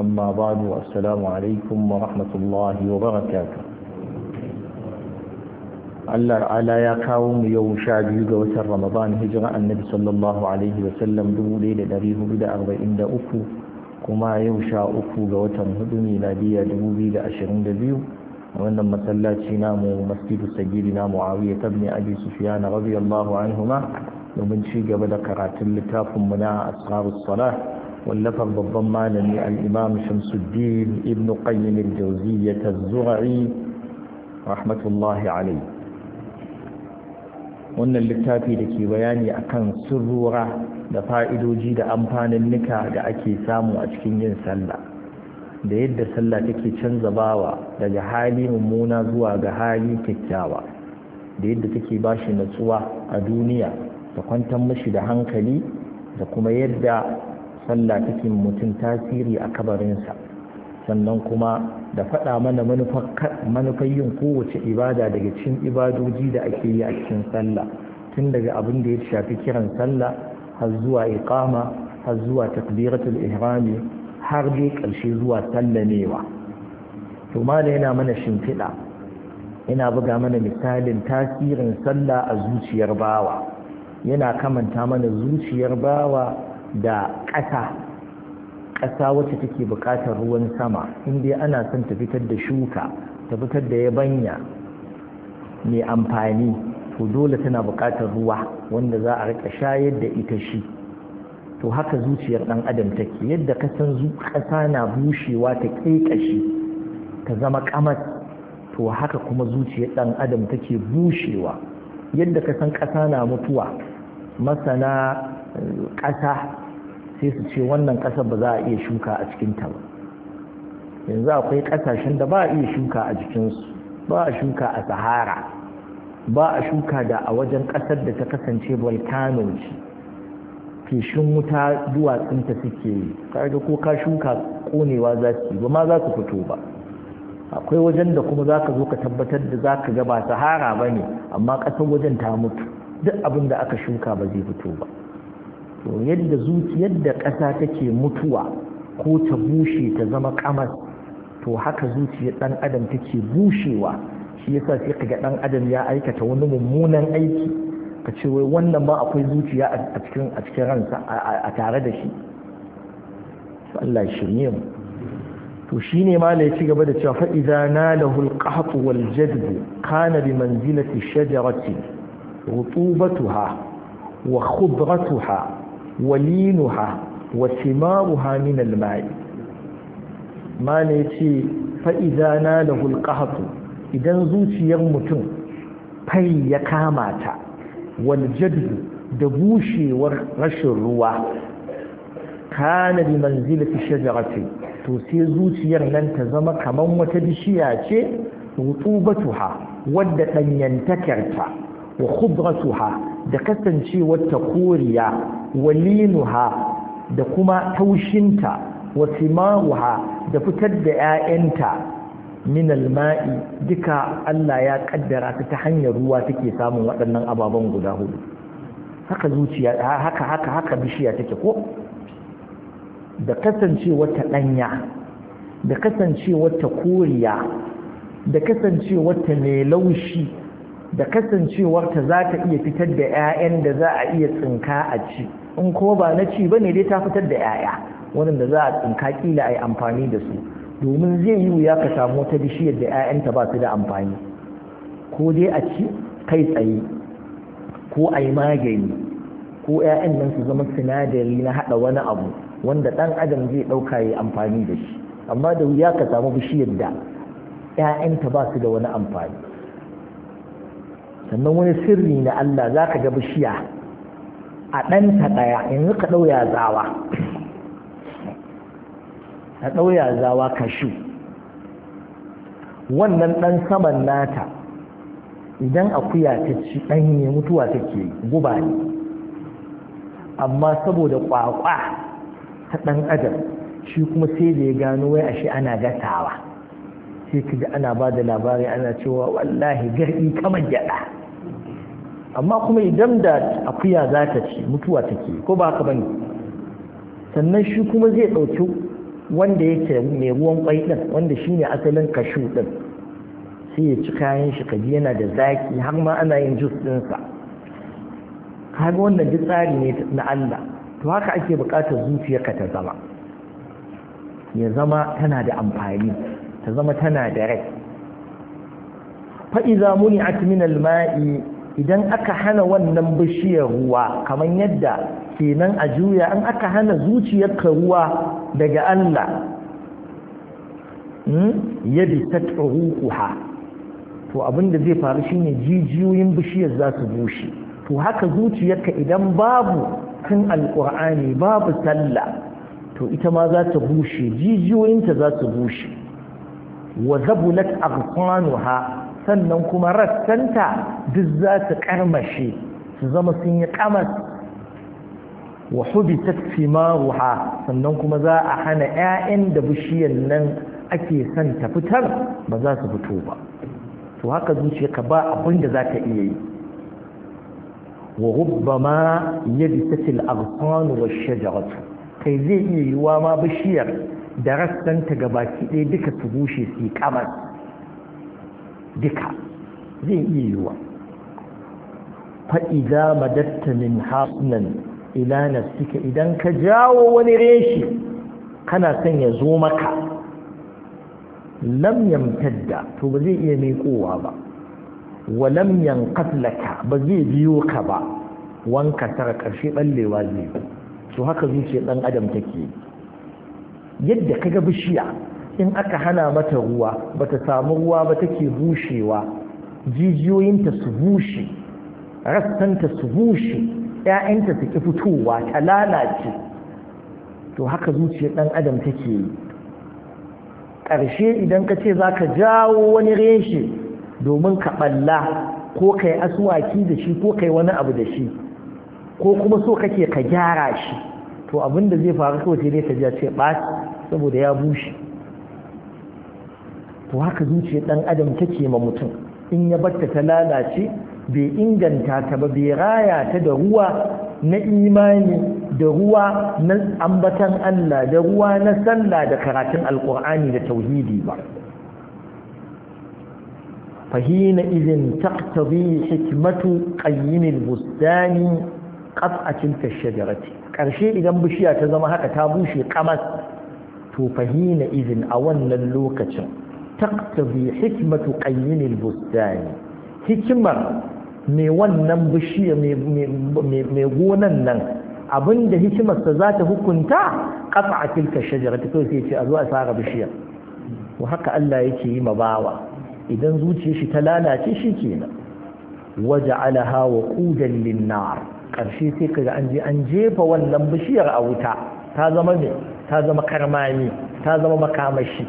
أما بعد والسلام عليكم ورحمة الله وبركاته Allah ala ya kawo mu yau sha biyu ga watan Ramadan hijira annabi sallallahu alaihi wa sallam 1443 kuma yau sha uku ga watan hudu miladiya 2022 a wannan masallaci namu mu sagiri na Muawiya ibn Abi Sufyan radiyallahu anhuma domin ci gaba da karatun littafin mu na Asrarus Salah wallafar babban malami al'imam shamsuddin ibnu qayyim al-jawziyya az rahmatullahi alai wannan littafi da ke bayani akan surura da fa'idoji da amfanin nika da ake samu a cikin yin sallah da yadda sallah take canza bawa daga hali mummuna zuwa ga hali kyakkyawa da yadda take bashi natsuwa a duniya da kwantar mashi da hankali da kuma yadda sallah take mutum tasiri a kabarinsa sannan kuma da faɗa mana manufar yin kowace ibada daga cikin ibadoji da ake yi a cikin sallah tun daga abin da ya shafi kiran sallah har zuwa iqama har zuwa takbiratul ihrami har dai ƙarshe zuwa sallamewa to da yana mana shimfiɗa yana buga mana misalin tasirin sallah a zuciyar bawa yana kamanta mana zuciyar bawa da ƙasa ƙasa wacce take buƙatar ruwan sama inda ana son ta fitar da shuka ta fitar da yabanya mai amfani to dole tana buƙatar ruwa wanda za a rika shayar da ita shi to haka zuciyar ɗan adam take yadda kasan ƙasa na bushewa ta ƙeƙashi ta zama ƙamas to haka kuma zuciyar ɗan adam take bushewa yadda ka san ƙasa na mutuwa masana eh, ƙasa sai su ce wannan ƙasar ba za a iya shuka a cikinta ba yanzu akwai ƙasashen da ba a iya shuka a jikinsu ba a shuka a sahara ba a shuka da a wajen ƙasar da ta kasance volcano ce feshin wuta duwatsunta suke yi kaga ko ka shuka ƙonewa za su yi ba ma za su fito ba akwai wajen da kuma za ka zo ka tabbatar da za ka ga ba sahara ba ne amma ƙasar wajen ta mutu duk abin da aka shuka ba zai fito ba to yadda zuciyar da ƙasa take mutuwa ko ta bushe ta zama ƙamar to haka zuciyar ɗan adam take bushewa shi yasa sai ga ɗan adam ya aikata wani mummunan aiki ka ce wai wannan ba akwai zuciya a cikin a cikin ransa a tare da shi Allah shirye mu to shine ma ya ci gaba da cewa fa idza nalahu al-qahq wal jadb kana bi manzilati shajarati rutubatuha wa khudratuha walinuha wa simaruha min al mana yace fa idza nalahu al idan zuciyar mutum fai ya kama ta wal da bushewar rashin ruwa kana bi manzilati shajarati to sai zuciyar nan ta zama kaman wata bishiya ce rutubatuha wadda danyantakarta wa khudratuha da kasancewarta koriya walinuha da kuma taushinta wa mauha da fitar da 'ya'yanta min alma'i duka Allah ya kaddara ta ta hanyar ruwa take samun waɗannan ababen guda hudu haka zuciya haka haka haka bishiya take ko da kasancewar ta ɗanya da kasancewar ta koriya da kasancewar ta mai laushi da kasancewar ta za ta iya fitar da 'ya'yan da za a iya tsinka a ci in kuma ba na ci ba ne dai ta fitar da 'ya'ya waɗanda za a tsinka kila a amfani da su domin zai yi wuya ka samu wata bishiyar da 'ya'yanta ba su da amfani ko dai a ci kai tsaye ko a yi magani ko 'ya'yan nan su zama sinadari na haɗa wani abu wanda ɗan adam zai ɗauka ya amfani da shi amma da wuya ka samu bishiyar da 'ya'yanta ba su da wani amfani sannan wani sirri na Allah za ka ga bishiya a ɗanta ɗaya yanzu ka ɗauya zawa ka ɗauya zawa ka kashu wannan ɗan saman nata idan akuya ta ci ɗanye mutuwa take guba ne amma saboda ƙwaƙwa ta ɗan adam shi kuma sai da ya gano wai ashe ana gatawa sai ka ana ba da labari ana cewa wallahi gari kamar gyaɗa amma kuma idan da akuya za ta ci mutuwa take ko ba ka bane sannan shi kuma zai ɗauki wanda yake mai ruwan kwai ɗin wanda shi ne asalin kashu ɗin sai ya ci kayan shi kaji yana da zaki har ma ana yin jus ɗinsa kaga wannan duk tsari ne na Allah to haka ake buƙatar zuciyarka ta zama ya zama tana da amfani ta zama tana da rai fa'iza muni al ma'i idan aka hana wannan bishiyar ruwa kamar yadda kenan a juya an aka hana zuciyarka ruwa daga Allah ya bi ta to abinda zai faru shine jijiyoyin bishiyar za su bushe to haka zuciyarka idan babu kan alƙur'ani babu sallah to ita ma za ta bushe jijiyoyinta za su bushe wa zabulat aghsanuha sannan kuma rassanta duk za ta karmashe su zama sun yi kamar wa hubitat ruha sannan kuma za a hana 'ya'yan da bishiyar nan ake son ta fitar ba za su fito ba to haka ka ba abin da za ta iya yi wa rubbama yabisatil aghsan wa shajaratu kai zai iya yiwa ma bishiyar da rassanta gabaki ɗaya duka su bushe su yi kamar duka zai iya yiwa fa'iza madatta min hasunan ila nafsika idan ka jawo wani reshi kana son ya zo maka lam yamtadda to ba zai iya miƙowa ba wa lam yanqatlaka ba zai biyo ka ba wanka tara ƙarshe ɓallewa zai to haka zuciya ɗan adam take yadda kaga bishiya in aka hana mata ruwa bata samu ruwa ba take bushewa jijiyoyinta su bushe rassanta su bushe ‘ya'yanta su ƙi fitowa ta lalace to haka zuciyar ɗan adam take yi ƙarshe idan ka ce za ka jawo wani reshe domin ka ɓalla ko kai asuwaki da shi ko kai wani abu da shi ko kuma so kake ka gyara shi to abin da zai faru kawai ne dai ka ce ɓaci saboda ya bushe to haka zuciyar dan adam take ma mutum in ya batta ta lalace bai inganta ta ba bai raya ta da ruwa na imani da ruwa na ambatan Allah da ruwa na sallah da karatun alkur'ani da tauhidi ba fahina izin taqtadi hikmatu qayyimil bustani qat'atin tashjarati karshe idan bishiya ta zama haka ta bushe kamas to fahina izin a wannan lokacin تقتضي حكمة قيم البستان hikimar mai wannan bishiyar, mai gonan nan abinda hikimarsa za ta hukunta kafa a tilka shajara ta kawai sai ce a zo a tsara bishiyar wa haka Allah yake yi mabawa idan zuciyar shi ta lalace shi kenan waje alaha wa kudan linnar ƙarshe sai kaga an je an jefa wannan bishiyar a wuta ta zama ne ta zama karmami ta zama makamashi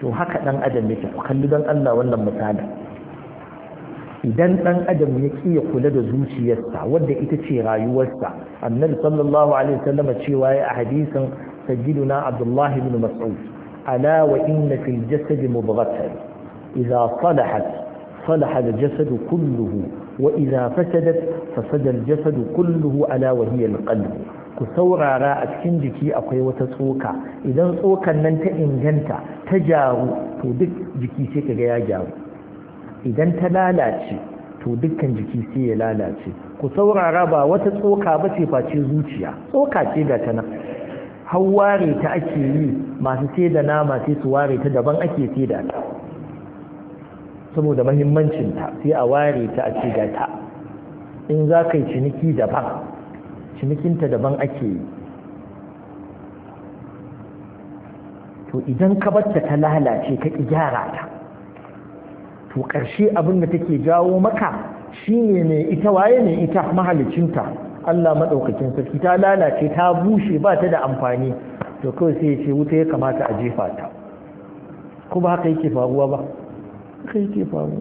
to haka ɗan adam yake ku kalli dan Allah wannan misali idan ɗan adam ya ƙi ya kula da zuciyarsa wadda ita ce rayuwarsa annabi sallallahu alaihi wasallam cewa ya a hadisin sayyiduna abdullahi ibn mas'ud ala wa inna fil jasad mudghatan idza salahat salaha al jasad kulluhu wa idza fasadat fasada al jasad kulluhu ala wa ku saurara a cikin jiki akwai wata tsoka idan tsokan nan ta inganta ta jaru to duk jiki sai kaga ya jaru idan ta lalace to dukkan jiki sai ya lalace ku saurara ba wata tsoka ba ce face zuciya tsoka ce ga ta nan ta ake yi masu sai da nama sai su ware ta daban ake sai da ta saboda mahimmancinta sai a ware ta a ce ga ta in za ka yi ciniki daban cinikinta daban ake yi to idan ka batta ta lalace ka ƙi gyara ta to ƙarshe abin da take jawo maka shine ne ita waye ne ita mahalicinta Allah maɗaukakin sarki ta lalace ta bushe ba ta da amfani to kawai sai ya ce wuta ya kamata a jefa ta ko ba haka yake faruwa ba haka yake faruwa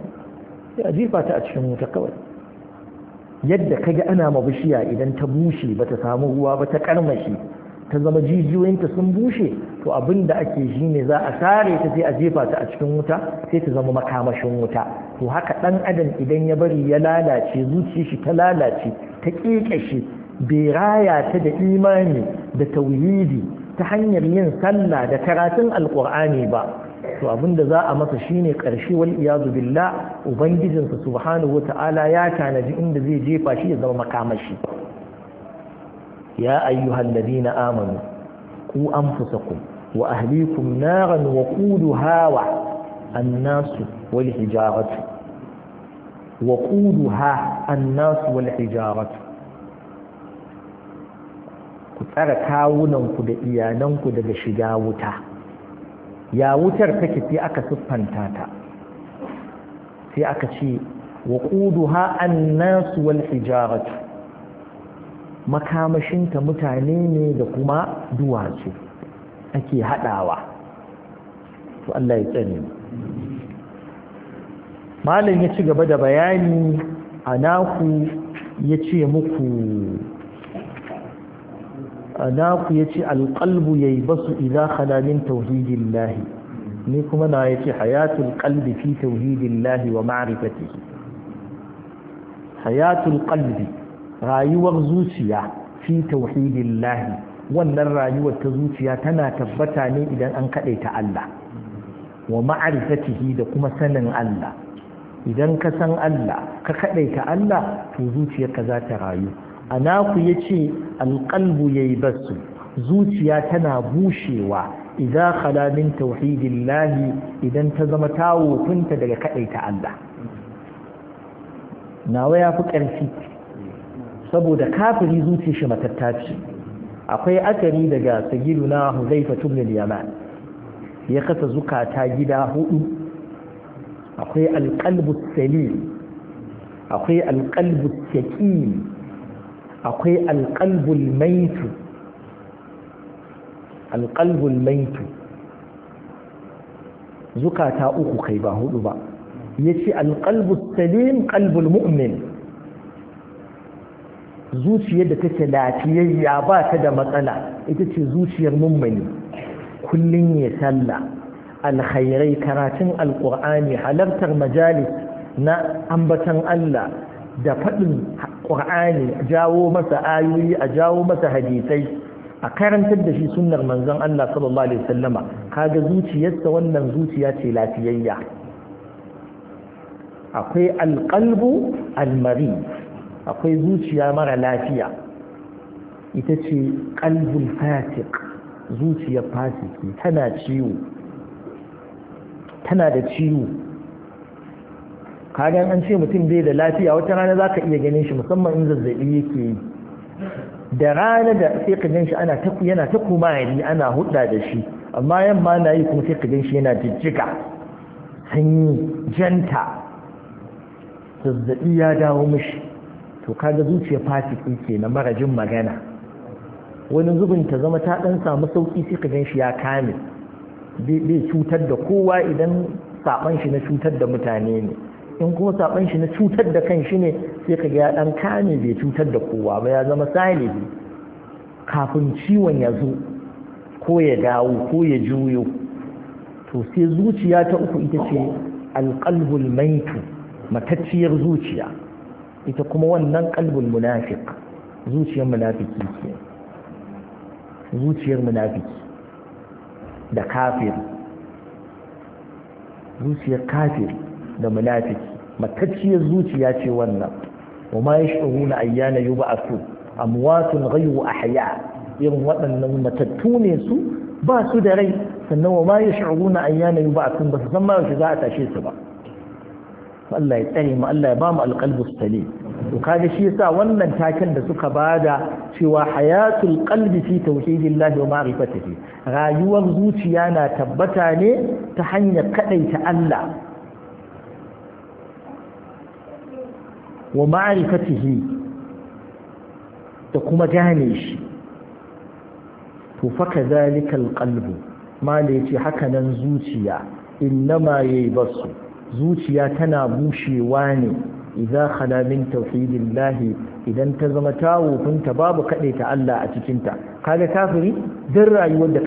sai a jefa ta a cikin wuta kawai yadda kaga ana ma bishiya idan ta bushe ba ta samu ruwa ba ta karmashi ta zama jijiyoyinta sun bushe to abin da ake shi ne za a sare ta sai a jefa ta a cikin wuta sai ta zama makamashin wuta to haka ɗan adam idan ya bari ya lalace zuciya shi ta lalace ta ƙeƙashe bai raya ta da imani da tauhidi ta hanyar yin sallah da karatun alƙur'ani ba to abinda za a masa shine karshe wal iyazu billah ubangijinsa subhanahu wata'ala ya tanaji inda zai jefa shi ya zama makamashi ya ayyuhal ladina amanu ku anfusakum wa ahlikum naran wa quduha wa annasu wal hijaratu annasu wal ku tsara kawunanku da iyalanku daga shiga wuta ya wutar take sai aka siffanta ta sai aka ce wa quduha annasu wal hijaratu makamashinta mutane ne da kuma duwatsu ake haɗawa to Allah ya tsare malam ya ci gaba da bayani a naku ya ce muku naku ya ce alƙalbu ya yi basu iza halamin tauhidin lahi ni kuma na ya ce hayatul ƙalbi fi tauhidin lahi wa ma'arifati hayatul ƙalbi rayuwar zuciya fi tauhidin lahi wannan rayuwar ta zuciya tana tabbata ne idan an kaɗe ta Allah wa ma'arifatihi da kuma sanin Allah idan ka san Allah ka kaɗe ta Allah to zuciyarka za ta rayu a naku ya ce alƙalbu ya yi basu zuciya tana bushewa idan kalamin min tauhidin lahi idan ta zama tawo kunta daga kaɗaita Allah nawa ya fi ƙarfi saboda kafiri zuci shi matattaci akwai akari daga sagilu na huzaifa tubnil yaman ya kasa zukata gida hudu akwai alƙalbu salim akwai alƙalbu saƙim akwai alƙalbul maitu alƙalbul maitu zukata uku kai ba hudu ba ya ce alƙalbul salim ƙalbul mu'min zuciyar da take lafiyayya ba ta da matsala ita ce zuciyar mummuni kullum ya salla alkhairai karatun alƙur'ani halartar majalis na ambatan Allah da faɗin ƙur'ani a jawo masa ayoyi a jawo masa hadisai a karantar da shi sunnar manzon Allah sallallahu alaihi wasallama kaga zuciyarsa wannan zuciya ce lafiyayya akwai alqalbu almari akwai zuciya mara lafiya ita ce qalbul fatik zuciyar fasiki tana ciwo tana da ciwo kagan an ce mutum bai da lafiya wata rana za ka iya ganin shi musamman in zazzaɓi yake yi da rana da sai ka gan shi ana ta yana ta kumari ana hudda da shi amma yamma na yi kuma sai ka gan shi yana jijjiga sanyi janta Zazzaɓi ya dawo mishi to kaga zuciya Fati ke na marajin magana wani zubin ta zama ta dan samu sauki sai ka gan shi ya kame bai cutar da kowa idan saban shi na cutar da mutane ne in kuma saɓan shi na cutar da kan shi ne sai ka ga ɗan kame bai cutar da kowa ba ya zama salihi kafin ciwon ya zo ko ya dawo ko ya juyo to sai zuciya ta uku ita ce alƙalbul maitu matacciyar zuciya ita kuma wannan ƙalbul munafik zuciyar munafiki ce zuciyar munafiki da kafir zuciyar kafiri da munafiki matacciyar zuciya ce wannan wa ma yashuruna ayyana yub'athu amwatun ghayru ahya irin waɗannan matattu ne su ba su da rai sannan wa ma yashuruna ayyana yub'athu ba su san ma yaushe za a tashe su ba Allah ya tsare mu Allah ya ba mu alqalbu salim to kaga shi yasa wannan taken da suka bada cewa hayatul qalbi fi tauhidillahi wa ma'rifatihi rayuwar zuciya na tabbata ne ta hanyar kadaita Allah wa ma'arifatihi da kuma gane shi to faka zalika alqalbu mala yace haka nan zuciya innama yayi basu zuciya tana bushewa ne idan khala min tauhidillahi idan ta zama tawufinta babu kaɗai ta Allah a cikinta kaga kafiri don rayuwar da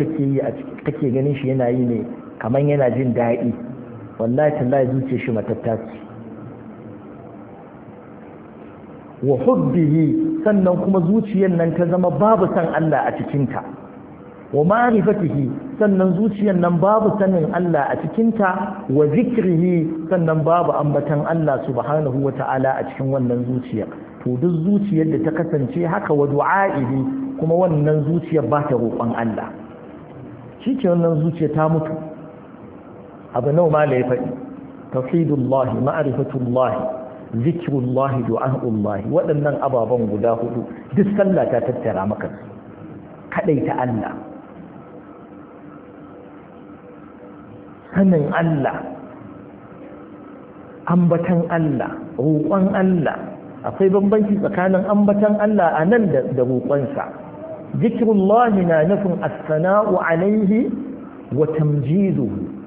kake ganin shi yana yi ne kamar yana jin daɗi wallahi tallahi zuciyar shi matattaci wa hubbihi sannan kuma zuciyar nan ta zama babu san Allah a cikinta wa ma'rifatihi sannan zuciyar nan babu sanin Allah a cikinta wa zikrihi sannan babu ambatan Allah subhanahu wa ta'ala a cikin wannan zuciyar to duk zuciyar da ta kasance haka wa du'a'ihi kuma wannan zuciyar ba ta roƙon Allah shi ke wannan zuciya ta mutu abu nawa ma la ya faɗi tauhidullahi ma'rifatullahi zikrullahi du'a'ullahi waɗannan ababen guda hudu duk sallah ta tattara maka kaɗai ta Allah sanin Allah ambatan Allah roƙon Allah akwai bambanci tsakanin ambatan Allah a nan da roƙonsa zikirullahi na nufin asana'u sanau alaihi wa tamjizuhu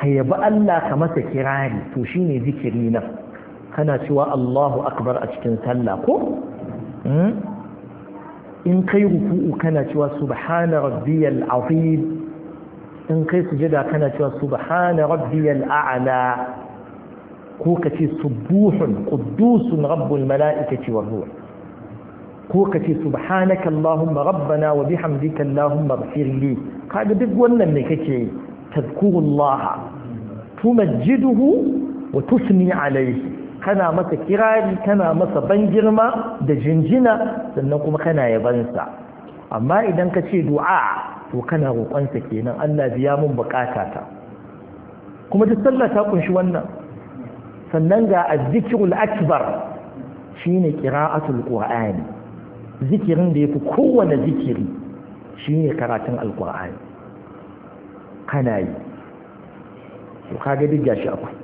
ka yabi Allah ka masa kirari to shine zikiri nan kana cewa Allahu akbar a cikin sallah ko hmm? in kai ruku'u kana cewa subhana rabbiyal azim in kai sujada kana cewa subhana rabbiyal a'la ko ka ce subuhun quddusun rabbul mala'ikati war ruh ko ka ce subhanaka allahumma rabbana wa bihamdika allahumma ighfir li kaga duk wannan ne kake yi تذكر الله تمجده وتثني عليه kana masa kirari kana masa ban girma da jinjina sannan kuma kana yabansa amma idan ka ce du'a to kana roƙonsa kenan Allah biya mun ta kuma duk sallah ta kunshi wannan sannan ga azzikrul akbar shine qira'atul qur'ani zikirin da yafi kowane zikiri shine karatun alqur'ani kana yi to kage duk gashi akwai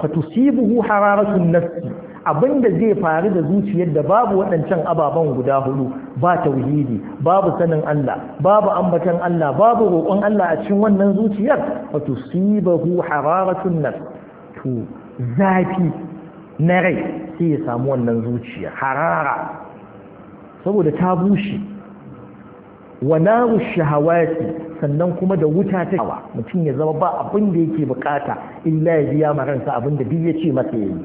fa tusibuhu hararatun nafsi abinda zai faru da zuciyar da babu waɗancan ababen guda hudu ba tauhidi babu sanin Allah babu ambatan Allah babu roƙon Allah a cikin wannan zuciyar fa tusibuhu hararatun nafsi to zafi na rai sai ya samu wannan zuciya harara saboda ta bushe wa naru shahawati sannan kuma da wuta ta yawa mutum ya zama ba abin da yake bukata illa ya biya ma ransa abin da duk ya ce masa yayi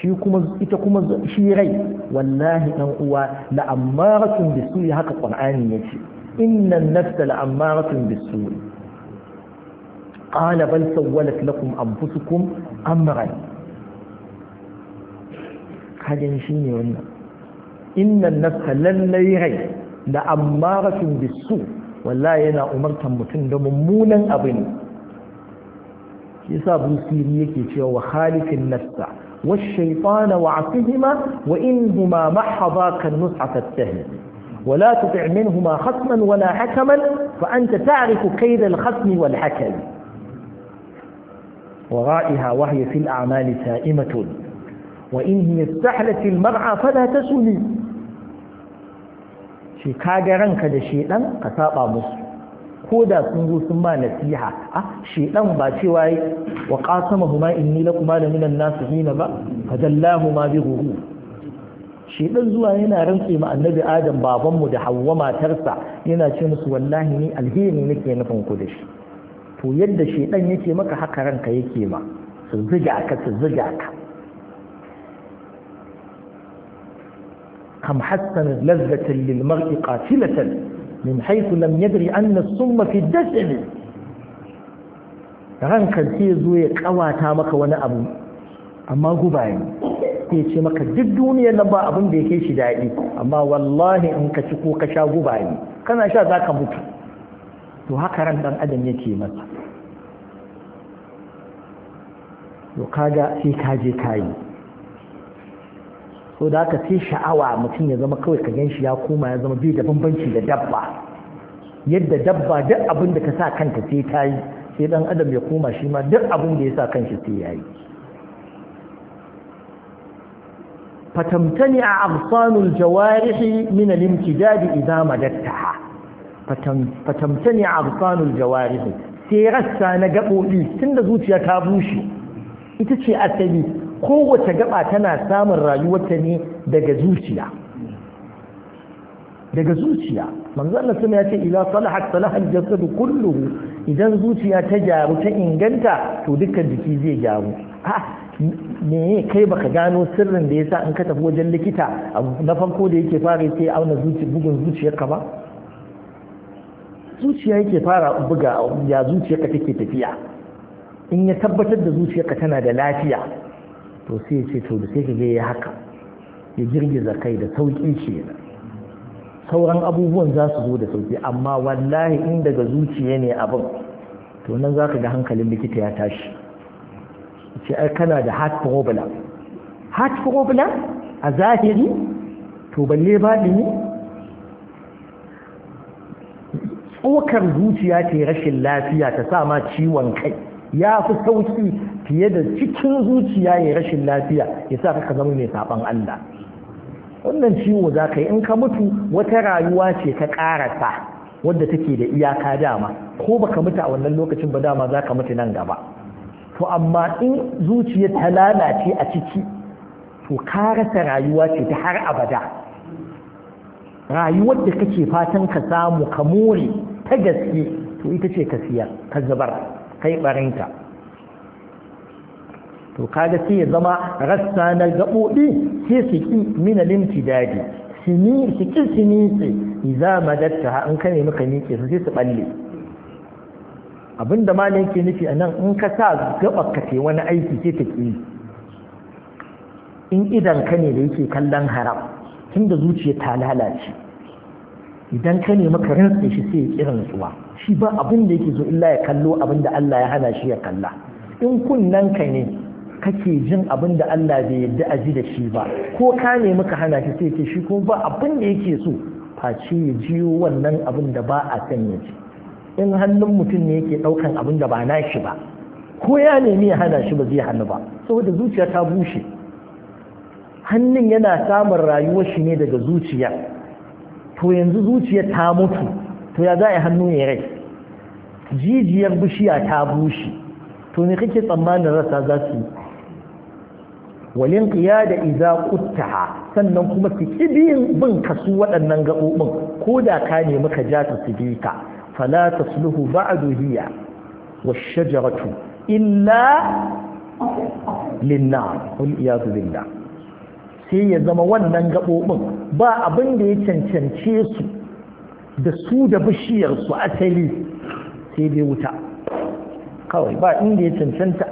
shi kuma ita kuma shi rai wallahi dan uwa la ammaratun bisu'i haka qur'ani yace innan nafsa la ammaratun bisu'i qala bal sawwalat lakum anfusukum amran shi ne wannan innan nafsa lallai rai da ammaratun bisu wallahi yana umartan mutum da mummunan abin yasa busiri yake cewa wa khalifin nafsa wa shaytana wa asihima wa in huma mahadha kan nus'at at-tahm wa la tuti' minhuma khasman wa la hakaman fa anta ta'rifu kayd al-khasm wal hakam ورائها وهي في الأعمال سائمة وإن هي استحلت المرعى فلا تسلي ce ka ga ranka da shedan ka saba musu ko da sun zo sun ba nasiha a ah, shedan ba cewa yi wa qasama huma inni lakuma la minan nasihin ba dallahu ma bi ruhu shedan zuwa yana rantse ma annabi adam babanmu da hawwa matarsa yana ce musu wallahi ni alheri nake nufin ku da shi to yadda shedan yake maka haka ranka yake ma su zuga ka su zuga ka كم حسن لذة للمرء قاتلة من حيث لم يدري أن السم في الدسم ranka sai zo ya kawata maka wani abu amma guba ne ce maka duk duniyar nan ba abin da yake shi daɗi amma wallahi in ka ci ko ka sha gubaye kana sha za ka mutu to haka ran dan adam yake masa to kaga sai ka je kayi so da aka sai sha'awa mutum ya zama kawai ka shi ya koma ya zama biyu da bambanci da dabba yadda dabba duk abin da ka sa kanta sai ta yi sai dan adam ya koma shi ma duk abin da ya sa kanshi sai ya yi fatamtani a absanul jawarihi min al-imtidad idza madattaha fatamtani a absanul jawarihi sai rassa na tun da zuciya ta bushe ita ce asali kowace gaba tana samun rayuwarta ne daga zuciya daga zuciya manzon Allah ya ce ila salahat salahal jasadu kulluhu idan zuciya ta gyaru ta inganta to dukkan jiki zai gyaru me kai baka gano sirrin da yasa in ka tafi wajen likita na farko da yake fara sai auna zuci bugun zuciyarka ba zuciya yake fara buga ya zuciyarka take tafiya in ya tabbatar da zuciyarka tana da lafiya to sai ya ce to da sai ka ya haka ya girgiza kai da sauƙi ce sauran abubuwan za su zo da sauki amma wallahi in daga zuciya ne abin to nan za ka ga hankalin likita ya tashi ce ai kana da heart problem heart problem a zahiri to balle ne tsokar zuciya ta rashin lafiya ta sa ma ciwon kai ya fi sauki fiye da cikin zuciya ya rashin lafiya ya sa ka zama mai saban Allah wannan ciwo za ka yi in ka mutu wata rayuwa ce ta karasa wadda take da iyaka dama ko ba ka mutu a wannan lokacin ba dama za ka mutu nan gaba to amma in zuciya ta lalace a ciki to karasa rayuwa ce ta har abada rayuwar da kake fatan ka samu ka more ta gaske to ita ce ka siya ka zubar kai barinka to kaga sai ya zama rassa na gaɓoɓi sai su ƙi mina limti su ƙi sini ce iza madatta in ka nemi ka su sai su ɓalle abinda Malam yake nufi anan nan in ka sa gaɓa ka wani aiki sai ta ƙi in idan ka da yake kallon haram tun da zuciya ta lalace idan ka nemi ka shi sai ya ƙi rantsuwa shi ba abin da yake so illa ya kallo abin da Allah ya hana shi ya kalla in kunnen ka ne kake jin abin da Allah bai yadda a ji da shi ba ko ka ne muka hana shi sai ke shi Ko ba abin da yake so face ya jiyo wannan abin da ba a san ya ji in hannun mutum ne yake ɗaukan abin da ba na shi ba ko ya nemi ya hana shi ba zai hannu ba saboda zuciya ta bushe hannun yana samun rayuwar shi ne daga zuciya to yanzu zuciya ta mutu to ya za a hannu ya rai jijiyar bishiya ta bushe to ne kake tsammanin rasa za su walin da iza kuttaha sannan kuma su ƙibiyin bin kasu waɗannan gaɓoɓin ko da ka nemi ka ja ta su bi ka fala ta sulhu a dohiya. wa shajaratu illa linnar wal iyadu billah sai ya zama wannan gaɓoɓin ba abin da ya cancance su da su da bishiyarsu su asali sai dai wuta kawai ba inda ya cancanta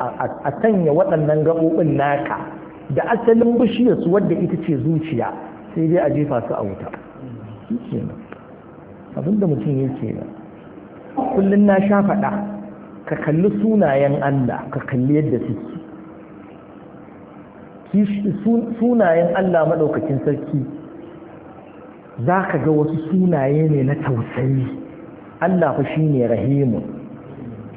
a sanya waɗannan gaɓoɓin naka da asalin bishiyarsu wadda ita ce zuciya sai dai a jefa su a wuta abinda mutum yake kullum na sha faɗa ka kalli sunayen Allah ka kalli yadda suke sunayen Allah maɗaukacin sarki za ka ga wasu sunaye ne na tausayi Allah fa shi ne rahimun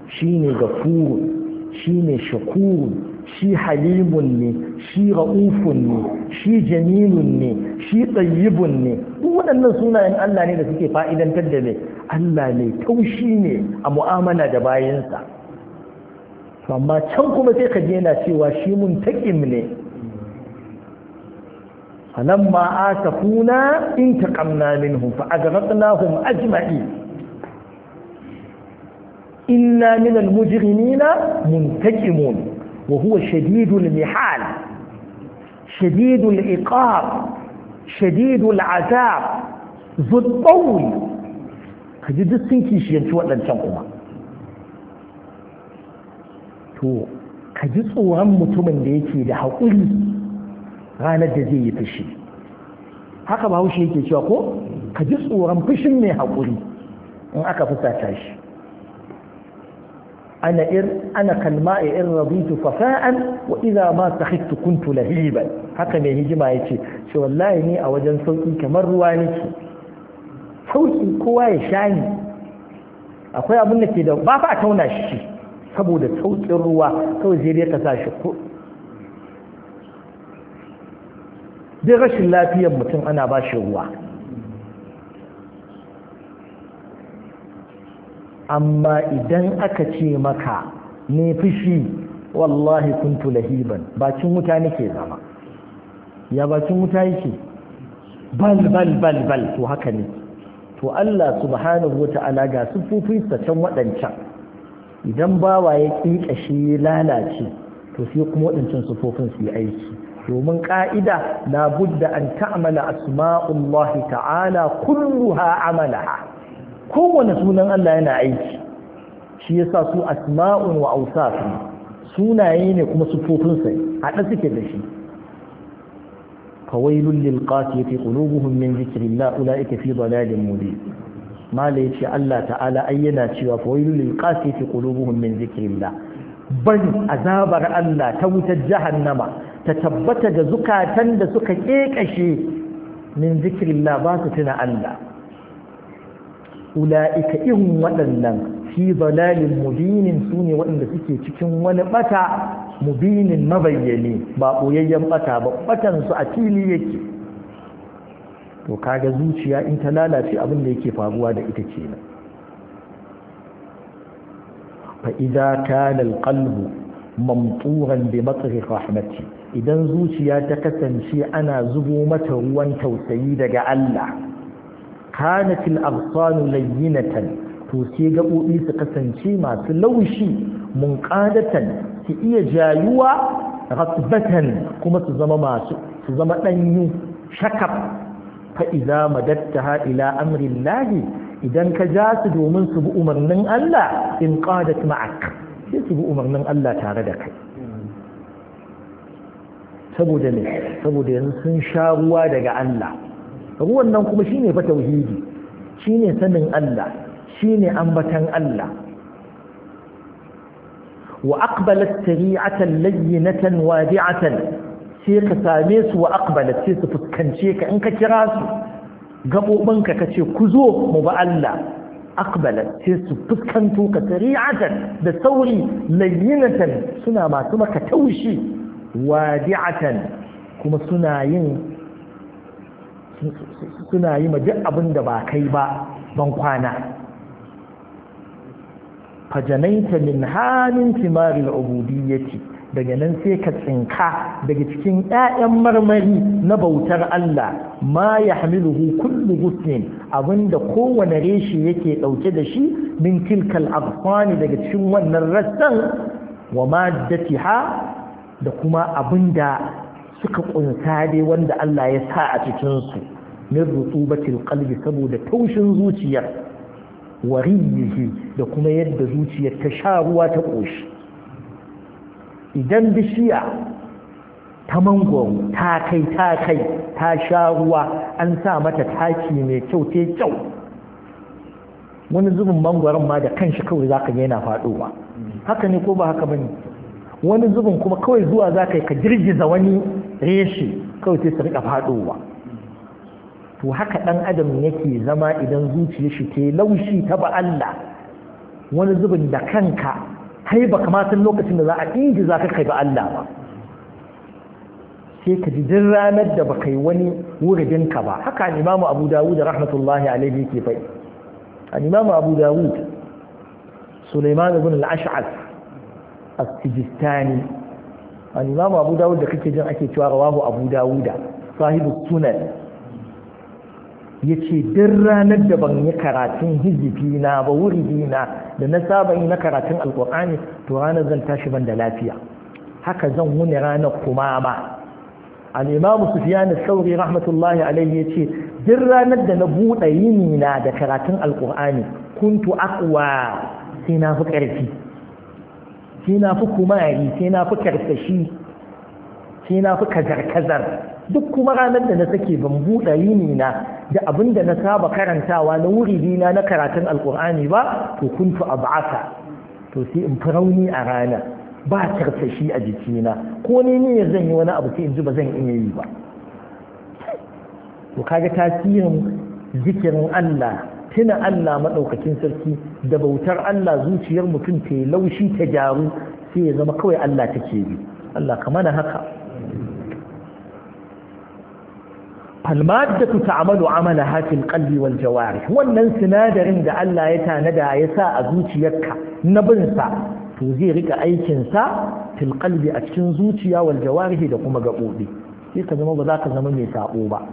shi ne gafurun shi ne shakurun shi halimun ne shi ra'ufun ne shi jamilun ne shi tsayibun ne duk waɗannan sunayen Allah ne da suke fa'idantar da mai Allah ne taushi ne a mu'amala da bayansa amma can kuma sai ka je cewa shi mun taƙim ne فلما آسفونا انتقمنا منهم فأغرقناهم أجمعين إنا من المجرمين منتقمون وهو شديد المحال شديد العقاب شديد العذاب ذو الطول kaji السنكي sun kishiyanci waɗancan kuma to kaji tsoron mutumin da yake ranar da zai yi fushi haka ba haushe yake cewa ko ka ji tsoron fushin mai haƙuri in aka fusata shi ana ir ana kalma a in rabitu fasa'an wa idza ma sahittu kuntu lahiban haka mai hijima yace ce wallahi ni a wajen sauki kamar ruwa nake sauki kowa ya shani akwai abin da ke da ba fa tauna shi saboda sauƙin ruwa kawai zai ka sa shi duk rashin lafiyar mutum ana ba shi ruwa amma idan aka ce maka ne fushi wallahi kuntu lahiban bakin wuta nake zama ya bakin wuta yake bal bal bal bal to haka ne to Allah subhanahu ta'ala ga ta can waɗancan idan bawa ya ƙiƙashe ya lalace to sai kuma waɗancan siffofin su yi aiki domin ƙa'ida labudda an ta'amala asma'ullahi ta'ala kulluha amalaha kowane sunan Allah yana aiki shi yasa su asma'un wa ausaf sunaye ne kuma sufofinsa haɗa suke da shi fawailul lil qasiyati qulubuhum min dhikrillah ulaika fi dalalin mubin mala yace Allah ta'ala ayyana cewa fawailul lil qasiyati qulubuhum min dhikrillah Ban azabar Allah ta wutar jahannama ta tabbata ga zukatan da suka ƙeƙashe min zikirillah ba su tuna Allah ula'ika irin waɗannan fi zalalin mubinin su ne waɗanda suke cikin wani ɓata mubinin mabayyane ba ɓoyayyen ɓata ba ɓatansu a fili yake to kaga zuciya in ta lalace abin da yake faruwa da ita ce nan fa'iza kanal ƙalbu, mamturan bi matsari idan zuciya ta kasance ana zubo mata ruwan tausayi daga Allah kanatil absanu layyinatan to sai gabobi su kasance masu laushi munqadatan su iya jayuwa rasbatan kuma su zama masu su zama danyu shakab fa idza madattaha ila amri llahi idan ka ja su domin su bi umarnin Allah in qadat ma'ak sai su bi umarnin Allah tare da kai saboda ne saboda yanzu sun sha ruwa daga Allah ruwan nan kuma shine fa tauhidi shine sanin Allah shine ambatan Allah wa aqbalat tari'atan layyinatan wadi'ata sai ka same su wa aqbalat sai su fuskance ka in ka kira su gabobin ka ce ku zo mu ba Allah aqbalat sai su fuskanto ka tari'atan da sauri layyinatan suna masu maka taushi wadi'atan kuma suna yin suna yi duk abin da ba kai ba ban kwana fajanaita min hannun ya ci, daga nan sai ka tsinka daga cikin 'ya'yan marmari na bautar Allah ma ya hamilu kullu gusnin abinda kowane reshe yake ɗauke da shi min tilkal afkwani daga cikin wannan rassan wa maddatiha da kuma abin da suka kunsa dai wanda Allah ya sa a cikin cikinsu min rutubatil qalbi saboda taushin zuciyar wariyihi da kuma yadda zuciyar ta sha ruwa ta koshi idan bishiya ta mangwaro ta kai ta kai ta sha ruwa an sa mata taki mai kyau ta kyau wani zubin mangwaron ma da kanshi kawai zaka ga yana faɗowa haka ne ko ba haka bane wani zubin kuma kawai zuwa za ka yi ka girgiza wani reshe kawai sai su rika faɗowa to haka ɗan adam yake zama idan zuciyar shi ke laushi ta ba Allah wani zubin da kanka kai ba lokacin da za a inji za ka kai ba Allah ba sai ka ji din ranar da ba kai wani wuridinka ba haka imamu abu dawud rahmatullahi alaihi yake faɗi imamu abu dawud suleiman ibn al-ash'ath as-sijistani al abu dawud da kake jin ake cewa rawahu abu dawuda sahibu sunan yace duk ranar da ban yi karatun hizifi na ba wuri na da na saba yi na karatun alkur'ani to ranar zan tashi ban da lafiya haka zan wuni ranar kuma ba. al-imam sufyan as-sauri rahmatullahi alayhi yace duk ranar da na buɗe yini na da karatun alkur'ani kuntu aqwa sai na fi ƙarfi sai na fi kumari sai na fi karsashi sai na fi kazar-kazar duk kuma ranar da na sake ban buɗe yini na da abin da na saba karantawa na wuri na na karatun alkur'ani ba to kuntu ab'asa to sai in fi rauni a rana ba karsashi a jikina ko ne ne zan yi wani abu sai in ji ba zan iya yi ba to kaga tasirin zikirin Allah tuna Allah maɗaukakin sarki da bautar Allah zuciyar mutum ta yi laushi ta gyaru sai ya zama kawai Allah take bi Allah ka mana haka falmaddatu ta'malu amala hafil qalbi wal jawarih wannan sinadarin da Allah ya tanada ya sa a zuciyarka na bin sa to zai rika aikin sa fil qalbi a cikin zuciya wal da kuma gabobi sai ka zama ba za ka zama mai sabo ba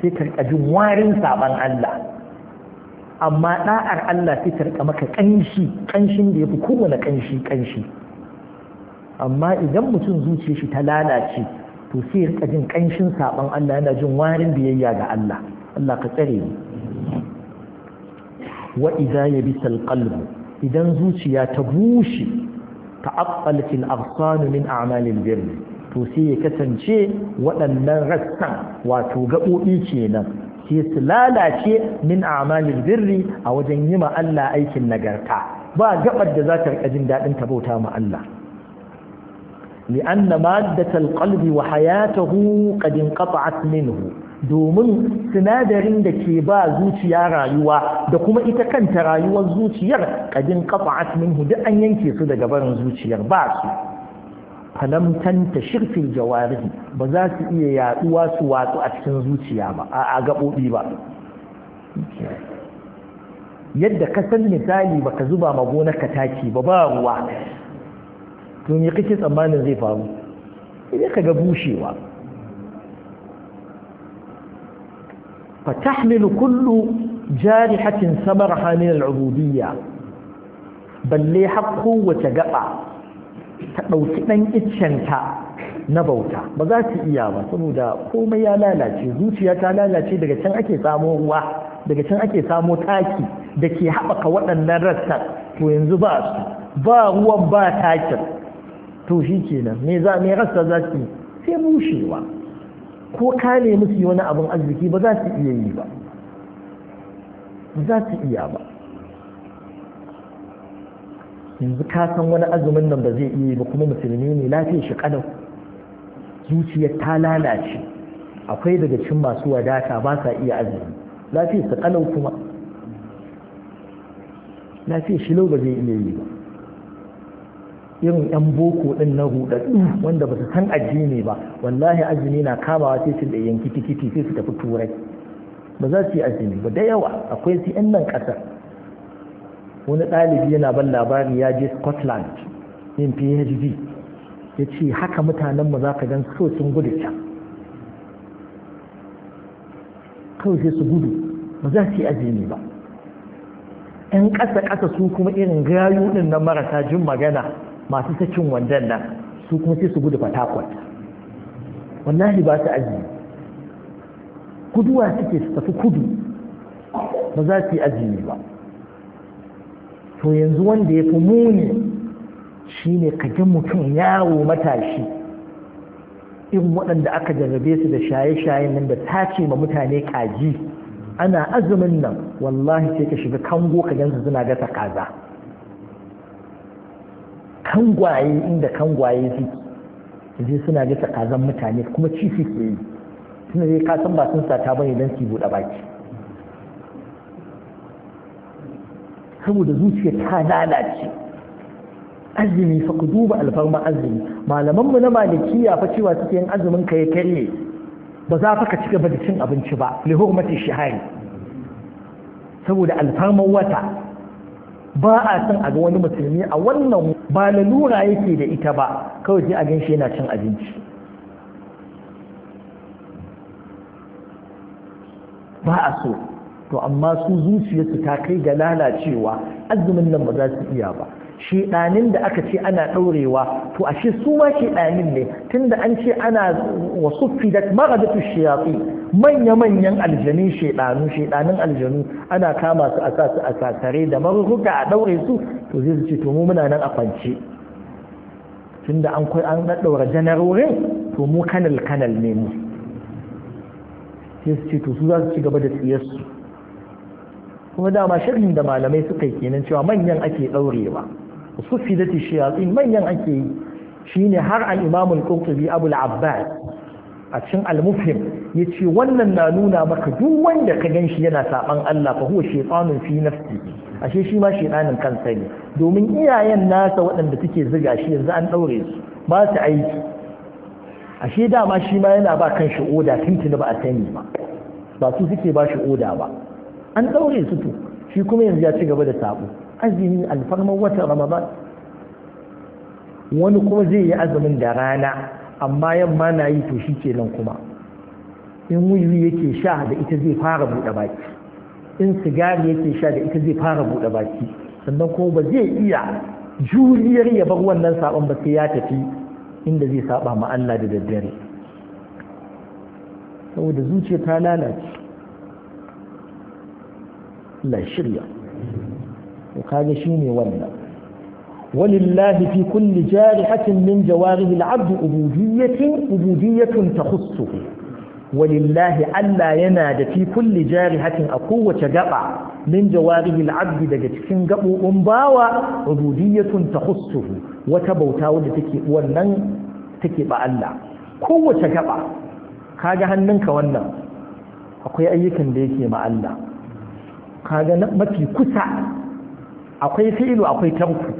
sai ka jin warin saban Allah amma ɗa'ar Allah sai ta maka ƙanshi ƙanshin da ya fi kowane ƙanshi ƙanshi amma idan mutum zuciya shi ta lalace to sai rika jin ƙanshin saɓon Allah yana jin warin biyayya ga Allah Allah ka tsare ni wa idza yabisa alqalbu idan zuciya ta bushe ta'aqqalat al min a'malil birr to sai ya kasance waɗannan rassan wato gaɓoɓi kenan Ke su lalace min amalin birri a wajen yi ma Allah aikin nagarta ba gabar da za ta rika jin daɗin ta bauta ma Allah li'anna maddatal qalbi wa hayatuhu qad inqata'at minhu domin sinadarin da ke ba zuciya rayuwa da kuma ita kanta rayuwar zuciyar qad inqata'at minhu duk an yanke su daga barin zuciyar ba su falam tanta shirfin jawarihi ba za su iya yaduwa su watsu a cikin zuciya ba a gaɓoɓi ba yadda ka san misali ba ka zuba ma gonar ka taki ba ba ruwa to me kake tsammanin zai faru idan ka ga bushewa fatahmilu kullu jarihatin samar min al-ubudiyya balle har kowace gaɓa. ta ɗauki ɗan iccenta na bauta ba za su iya ba saboda komai ya lalace zuciya ta lalace daga can ake samo ruwa daga can ake samo taki da ke haɓaka waɗannan rassan to yanzu ba su ba ruwan ba takin to shi kenan me za me rassa za su sai bushewa ko ka nemi su yi wani abin arziki ba za su iya yi ba ba za su iya ba yanzu ka san wani azumin nan ba zai iya ba kuma musulmi ne lafiyar shi kalau zuciyar ta lalace akwai daga cikin masu wadata ba sa iya azumi lafiyar shi kalau kuma lafiyar shi lau ba zai iya yi ba irin yan boko din na hudaddu wanda ba su san ajini ba wallahi azumi na kamawa sai su da yanki kiti sai su tafi turai ba za su yi azumi ba da yawa akwai su yan nan kasar wani ɗalibi yana ban labari ya je scotland yin phd ya ce haka mutanenmu za ka gan so sun gudu can kawai sai su gudu ba za su yi azumi ba ‘yan ƙasa-ƙasa su kuma irin gayu ɗin na marasa jin magana masu sakin wandan nan su kuma sai su gudu fatakwat wallahi ba su ajiye guduwa suke su tafi kudu ba za su yi azumi ba to yanzu wanda ya fi muni shine ka ji mutum yawo matashi in waɗanda aka jarrabe su da shaye-shayen nan da tace ma mutane kaji ana azumin nan wallahi sai ka shiga kango ka gansu suna gasa kaza kangwaye inda kangwaye su je suna gasa kazan mutane kuma ci suke yi suna ka ba sun sata bane don su buɗe baki saboda zuciya ta lalace azumi fa ku duba alfarma azumi malamanmu na ya fa cewa suke yin azumin ka ya karye ba za fa ka ci gaba da cin abinci ba li hurmati shahari saboda alfarman wata ba a san a ga wani musulmi a wannan ba lalura yake da ita ba kawai sai a gan shi yana cin abinci ba a so to amma su zuciyarsu ta kai ga lalacewa azumin nan ba za su iya ba shiɗanin da aka ce ana ɗaurewa to ashe su ma shiɗanin ne tunda an ce ana wasu fidat maradatu shiyafi manya-manyan aljanu shiɗanu shiɗanin aljanu ana kama su a sa su a sasare da maruruka a ɗaure su to zai su ce to mu muna nan a kwance tunda an kai an ɗaɗɗaura janarorin to mu kanal kanal ne mu sai su ce to su za su ci gaba da tsiyarsu kuma dama sharhin da malamai suka yi kenan cewa manyan ake daurewa su fidati shayatsin manyan ake yi shine har al-imam al-qurtubi abu al-abbas a cikin al-mufhim yace wannan na nuna maka duk wanda ka ganshi yana saban Allah fa huwa shaytanun fi nafsi ashe shi ma shaytanin kansa ne domin iyayen nasa waɗanda suke ziga shi yanzu an daure su ba su aiki ashe dama shi ma yana ba kan shi oda tuntuni ba a sani ba ba su suke ba shi oda ba an daure su to shi kuma yanzu ya ci gaba da sabo azumi alfarman watan ramadan wani kuma zai yi azumin da rana amma yamma na yi to shi kenan kuma in wuyu yake sha da ita zai fara buɗe baki in sigari yake sha da ita zai fara buɗe baki sannan kuma ba zai iya juriyar ya bar wannan sabon ba sai ya tafi inda zai saba ma Allah da daddare saboda zuciya ta lalace lashirya kaga shi ne wanda walillahi fi kulli jarihatin min jawarihi al'abdu ubudiyyatin ubudiyyatin takhussu walillahi Allah yana da fi kulli jarihatin a kowace gaba min jawarihi al'abdu daga cikin gabobin bawa ubudiyyatin takhussu wata bauta wadda take wannan take ba Allah kowace gaba kaga hannunka wannan akwai ayyukan da yake ma Allah kaga mafi kusa akwai fi'ilu akwai tarku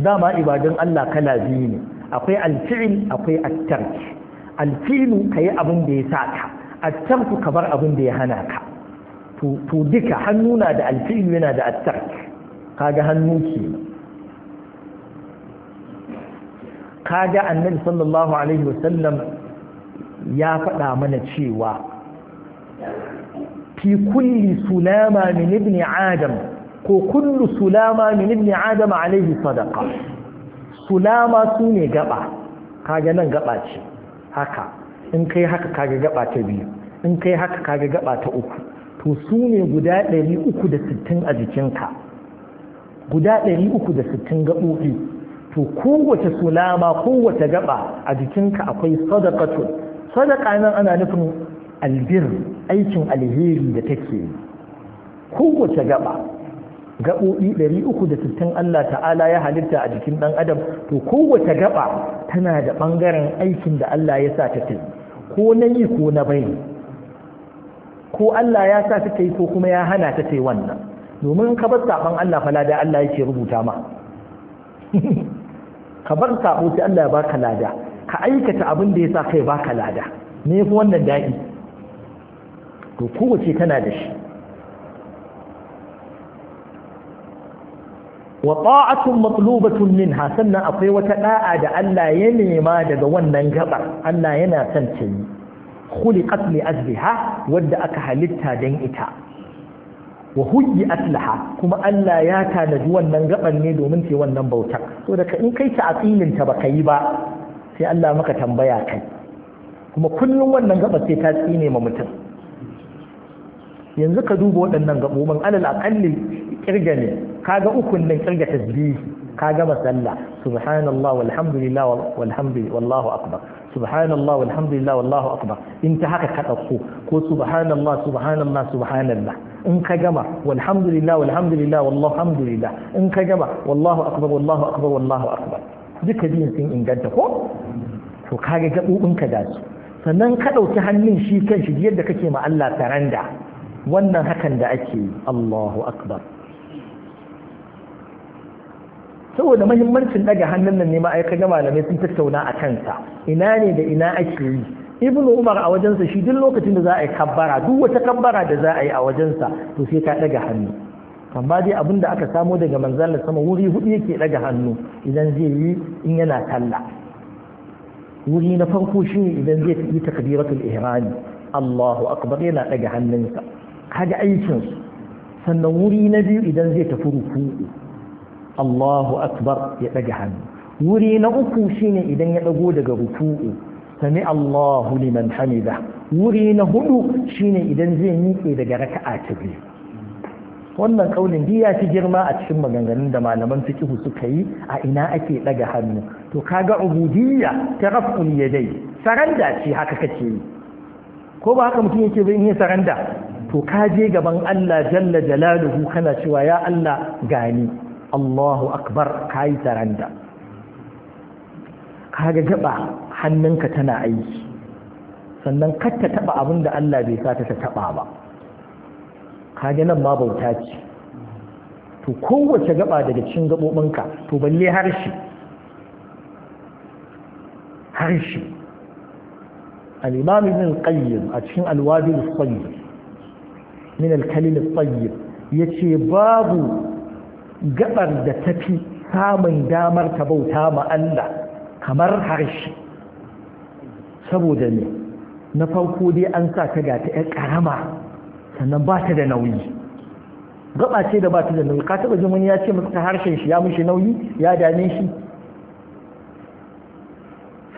dama ibadan Allah kala biyu ne akwai alfi'il akwai attark alfi'ilu kayi abin da ya sa ka attarku ka bar abin da ya hana ka to duka hannu na da alfi'ilu yana da attark kaga hannu ke kaga annabi sallallahu alaihi wasallam ya faɗa mana cewa fi kulli sulama min ibn adam ko kullu sulama min ibn adam alaihi sadaqa sulama sune ne gaba kaga nan gaba ce haka in kai haka kaga gaba ta biyu in kai haka kaga gaba ta uku to su ne guda 360 a jikinka guda 360 gaɓoɓi to kowace sulama kowace gaba a jikinka akwai sadaqatun sadaqa nan ana nufin albir aikin alheri da take yi kowace gaba gaɓoɓi 360 Allah ta'ala ya halitta a jikin ɗan adam to kowace gaba tana da ɓangaren aikin da Allah ya sa ta tafi ko na yi ko na bai ko Allah ya sa ta yi ko kuma ya hana ta yi wannan domin ka bar saɓon Allah fa lada Allah yake rubuta ma ka bar saɓo sai Allah ya baka lada ka aikata abin da ya sa kai baka lada ne yafi wannan daɗi to kowace tana da shi wa ta'atun matlubatun ha sannan akwai wata da'a da Allah ya nema daga wannan gabar Allah yana son ta yi khuliqat li ajliha wadda aka halitta dan ita wa hujji aslaha kuma Allah ya tanaji wannan gaɓar ne domin ce wannan bautar to daga in kai ta asilin ta baka yi ba sai Allah maka tambaya kai kuma kullum wannan gabar sai ta tsine ma mutum yanzu ka duba waɗannan gaɓoɓin alal aƙalli kirga ne kaga ukun nan kirga tasbihi kaga masalla subhanallah walhamdulillah walhamdulillah wallahu akbar subhanallah walhamdulillah wallahu akbar in ta haka ka ɗauko ko subhanallah subhanallah subhanallah in ka gama walhamdulillah walhamdulillah wallahu alhamdulillah in ka gama wallahu akbar wallahu akbar wallahu akbar duka biyun sun inganta ko to kaga gaɓoɓin ka da su sannan ka ɗauki hannun shi kan shi yadda kake ma Allah taranda wannan hakan da ake yi Allahu akbar saboda mahimmancin daga hannun nan ne ma'aikata malamai sun tattauna a kansa ina ne da ina ake yi ibnu umar a wajensa shi duk lokacin da za a yi kabbara duk wata kabbara da za a yi a wajensa to sai ka daga hannu amma dai abin da aka samo daga manzalar sama wuri hudu yake daga hannu idan zai yi in yana talla wuri na farko shi idan zai yi takbiratul ihrami Allahu akbar yana daga hannunsa kaga aikinsu sannan wuri na biyu idan zai tafi ruku'u Allahu akbar ya ɗaga hannu wuri na uku shine idan ya ɗago daga ruku'u sami Allahu liman hamida wuri na hudu shine idan zai miƙe daga raka'a ta biyu wannan kaulin bi ya fi girma a cikin maganganun da malaman fikihu suka yi a ina ake ɗaga hannu to kaga ubudiyya ta raf'ul yadai saranda ce haka kake yi ko ba haka mutum yake bai yin saranda to ka je gaban Allah jalla jalaluhu kana cewa ya Allah gani Allahu akbar kai taranda kaga gaba hannunka tana aiki sannan kar ta taba abin Allah bai sa ta taba ba ga nan ma bauta ce to kowace gaba daga cikin gabobinka to balle harshe harshe al-imam ibn qayyim a cikin al al qayyim min alkalil tsayyib ya ce babu gabar da tafi samun damar ta bauta ma Allah kamar harshe saboda ne na farko dai an sa ta ga ta ƴar ƙarama sannan ba ta da nauyi gaba ce da ba ta da nauyi ka taɓa jin wani ya ce maka harshen shi ya mishi nauyi ya dame shi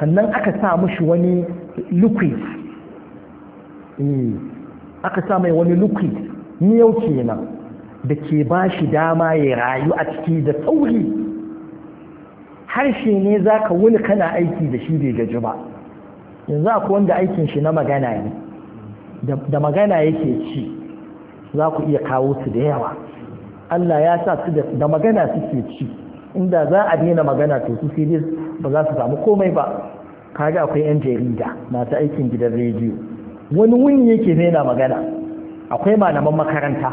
sannan aka sa mishi wani liquid eh. aka sa mai wani liquid miyau kenan da ke ba shi dama ya rayu a ciki da tsauri harshe ne za ka wuni kana aiki da shi bai gaji ba yanzu akwai wanda aikin shi na magana ne da magana yake ci za ku iya kawo su da yawa Allah ya sa su da magana suke ci inda za a daina magana to su sai ba za su samu komai ba kaga akwai 'yan jarida masu aikin gidan rediyo wani wuni yake ne magana akwai malaman makaranta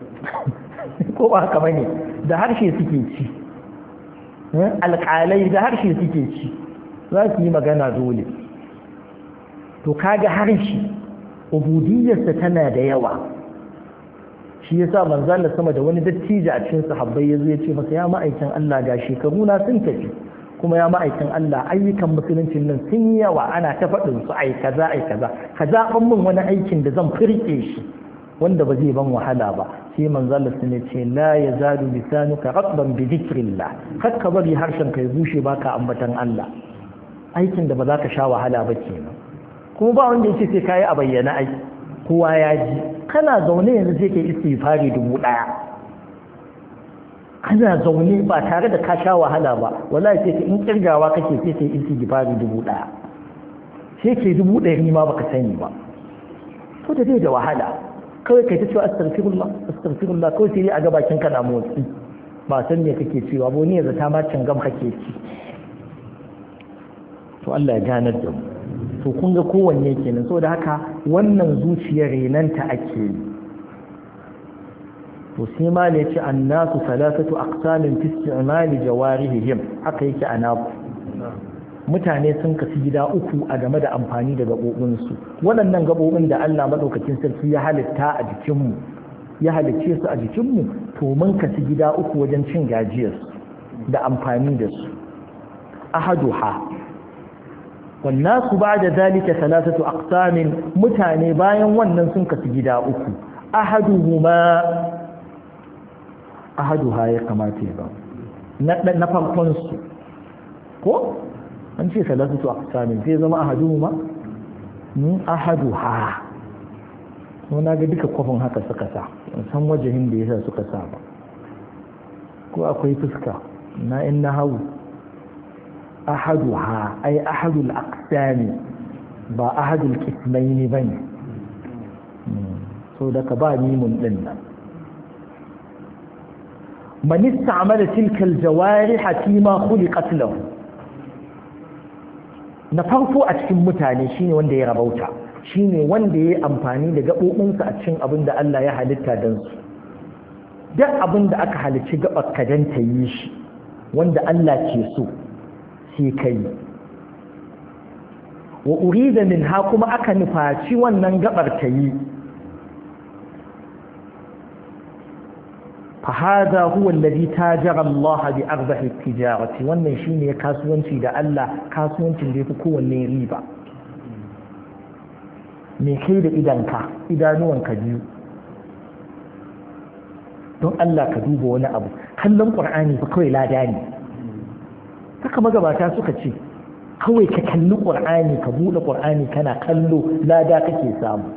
ko ba haka bane da harshe suke ci eh? alƙalai da harshe suke ci za su yi magana dole to kaga harshe ubudiyarsa tana da yawa shi yasa manzo Allah sama da wani dattijo a cikin sahabbai yazo ya ce masa ya ma'aikin Allah ga shekaru na sun tafi kuma ya ma'aikin Allah ayyukan musuluncin nan sun yi yawa ana ta faɗin su ai kaza ai kaza ka zaɓan min wani aikin da zan firke shi wanda ba zai ban wahala ba sai manzo Allah sun ce la yazalu ka ratban bi dhikrillah kar ka bari harshen ka ya bushe baka ambatan Allah aikin da ba za ka sha wahala ba kenan kuma ba wanda yake sai kai a bayyana ai kowa ya ji kana zaune yanzu sai kai istighfari dubu daya kana zaune ba tare da ka sha wahala ba wallahi sai ka in kirgawa kake sai in isi gifari dubu ɗaya sai ke dubu ni ma baka sani ba to da dai da wahala kawai kai ta cewa astaghfirullah astaghfirullah kawai sai a gabakin kana motsi ba san me kake cewa ba ne zata ma gam kake ci to Allah ya ganar da mu to kun ga kowanne kenan saboda haka wannan zuciyar renanta ake yi to sai ma ne ce annasu salasatu aqsamin fi isti'mali jawarihim haka yake naku. mutane sun kasu gida uku a game da amfani da gaɓoɓinsu waɗannan gaɓoɓin da Allah maɗaukakin sarki ya halitta a jikinmu ya halicce su a jikinmu to mun kasu gida uku wajen cin gajiyarsu da amfani da su ahaduha wannan su bada zalika salasatu aqsamin mutane bayan wannan sun kasu gida uku ahaduhuma ahaduha ya kamata ya zama na farkon su ko an ce salatu to sami sai zama ahaduhuma ahadu hmm, ha? Ko na ga duka kofin haka suka sa san wajahin da yasa suka sa ba ko akwai fuska na in na Ahadu ha, ai ahadul aqsami ba ahadu ahadul ba bane hmm, so daga ba mimun din nan man istamala tilka Jawari fi ma khuliqat na farko a cikin mutane shine wanda ya rabauta shine wanda ya amfani da gabobinsa a cikin abin da Allah ya halitta dan su duk abin da aka halicci gabar ka dan ta yi shi wanda Allah ke so sai kai da urida minha kuma aka nufaci wannan gabar ta yi فهذا هو الذي تاجر الله بأربح التجارة wannan shine kasuwanci da Allah kasuwancin da yafi kowanne riba me kai da idanka idanuwanka biyu don Allah ka duba wani abu kallon qur'ani fa kawai lada ne haka magabata suka ce kawai ka kalli qur'ani ka bude qur'ani kana kallo lada kake samu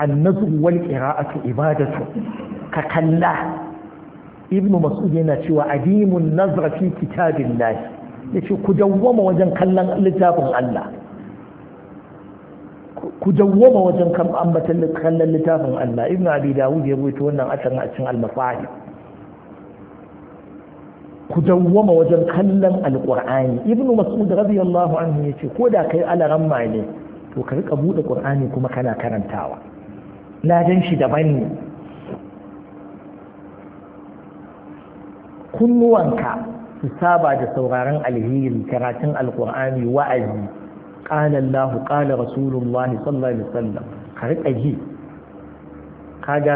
annazu wal qira'atu ibadatu ka kalla ibnu mas'ud yana cewa adimun nazra fi kitabillah yace ku dawwama wajen kallon littafin Allah ku dawwama wajen kan ambatan kallon littafin Allah ibnu abi dawud ya rubuta wannan a can a cikin al-mafahim ku dawwama wajen kallon al alqur'ani ibnu mas'ud radiyallahu anhu yace ko da kai alaran ne to ka rika bude qur'ani kuma kana karantawa ladan shi daban ne kunnuwanka su saba da sauraron alheri karatun alkur'ani wa'azi ƙala Allah qala rasulullah sallallahu alaihi wasallam ka rika ji kaga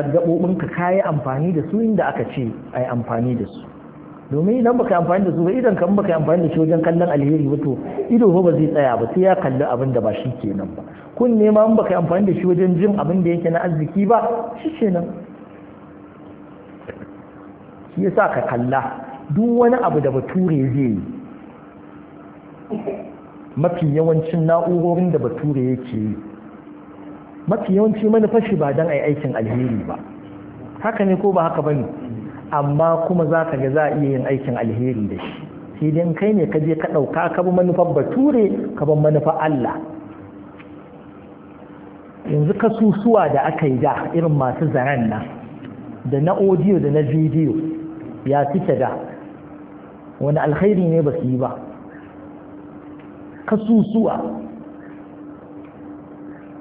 ka kayi amfani da su inda aka ce ai amfani da su domin idan baka amfani da su ba idan kan baka amfani da shi wajen kallon alheri ba to ido ba zai tsaya ba sai ya kalli abin da ba shi kenan ba kun nema in baka amfani da shi wajen jin abin da yake na arziki ba shi kenan shi yasa ka kalla duk wani abu da bature zai yi mafi yawancin na'urorin da bature yake yi mafi yawanci manufar shi ba don a yi aikin alheri ba haka ne ko ba haka ba ne amma kuma za ka ga za a iya yin aikin alheri da shi sai dai kai ne ka je ka ɗauka ka bi manufar bature ka bi manufar Allah yanzu kasusuwa da aka yi da irin masu zaren nan da na audio da na video ya suke da wani alkhairi ne ba su yi ba kasusuwa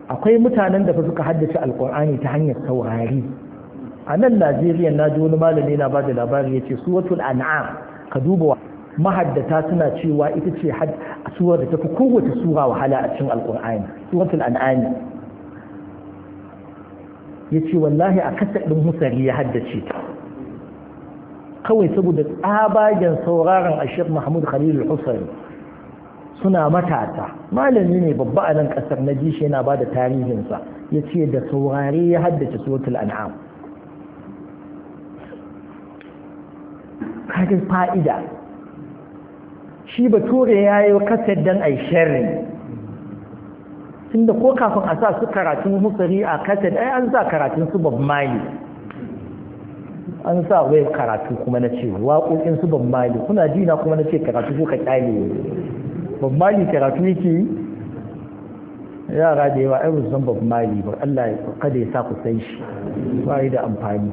akwai mutanen da suka haddace alkur'ani ta hanyar saurari a nan najeriya na ji wani malami na ba da labari ya ce suwatul an'am ka duba mahaddata suna cewa ita ce suwar da tafi kowace sura wahala a cikin alkur'ani suwatul an'am ya ce wallahi a kasa ɗin musari ya haddace ta kawai saboda tsabagen sauraron ashir mahmud khalil husayn suna matata malami ne babba a nan kasar na ji shi yana ba da tarihinsa ya ce da saurare ya haddace suratul an'am kaga fa'ida shi bature ya yi kasar dan a sharri tunda ko kafin a sa su karatun husari a kasar ai an sa karatun su bob mali an sa wai karatu kuma na ce waƙoƙin su ban mali kuna jina kuma na ce karatu ko ka ƙyale ban mali karatu yake yara da yawa irin san ban mali ba Allah kada ya sa ku san shi ba da amfani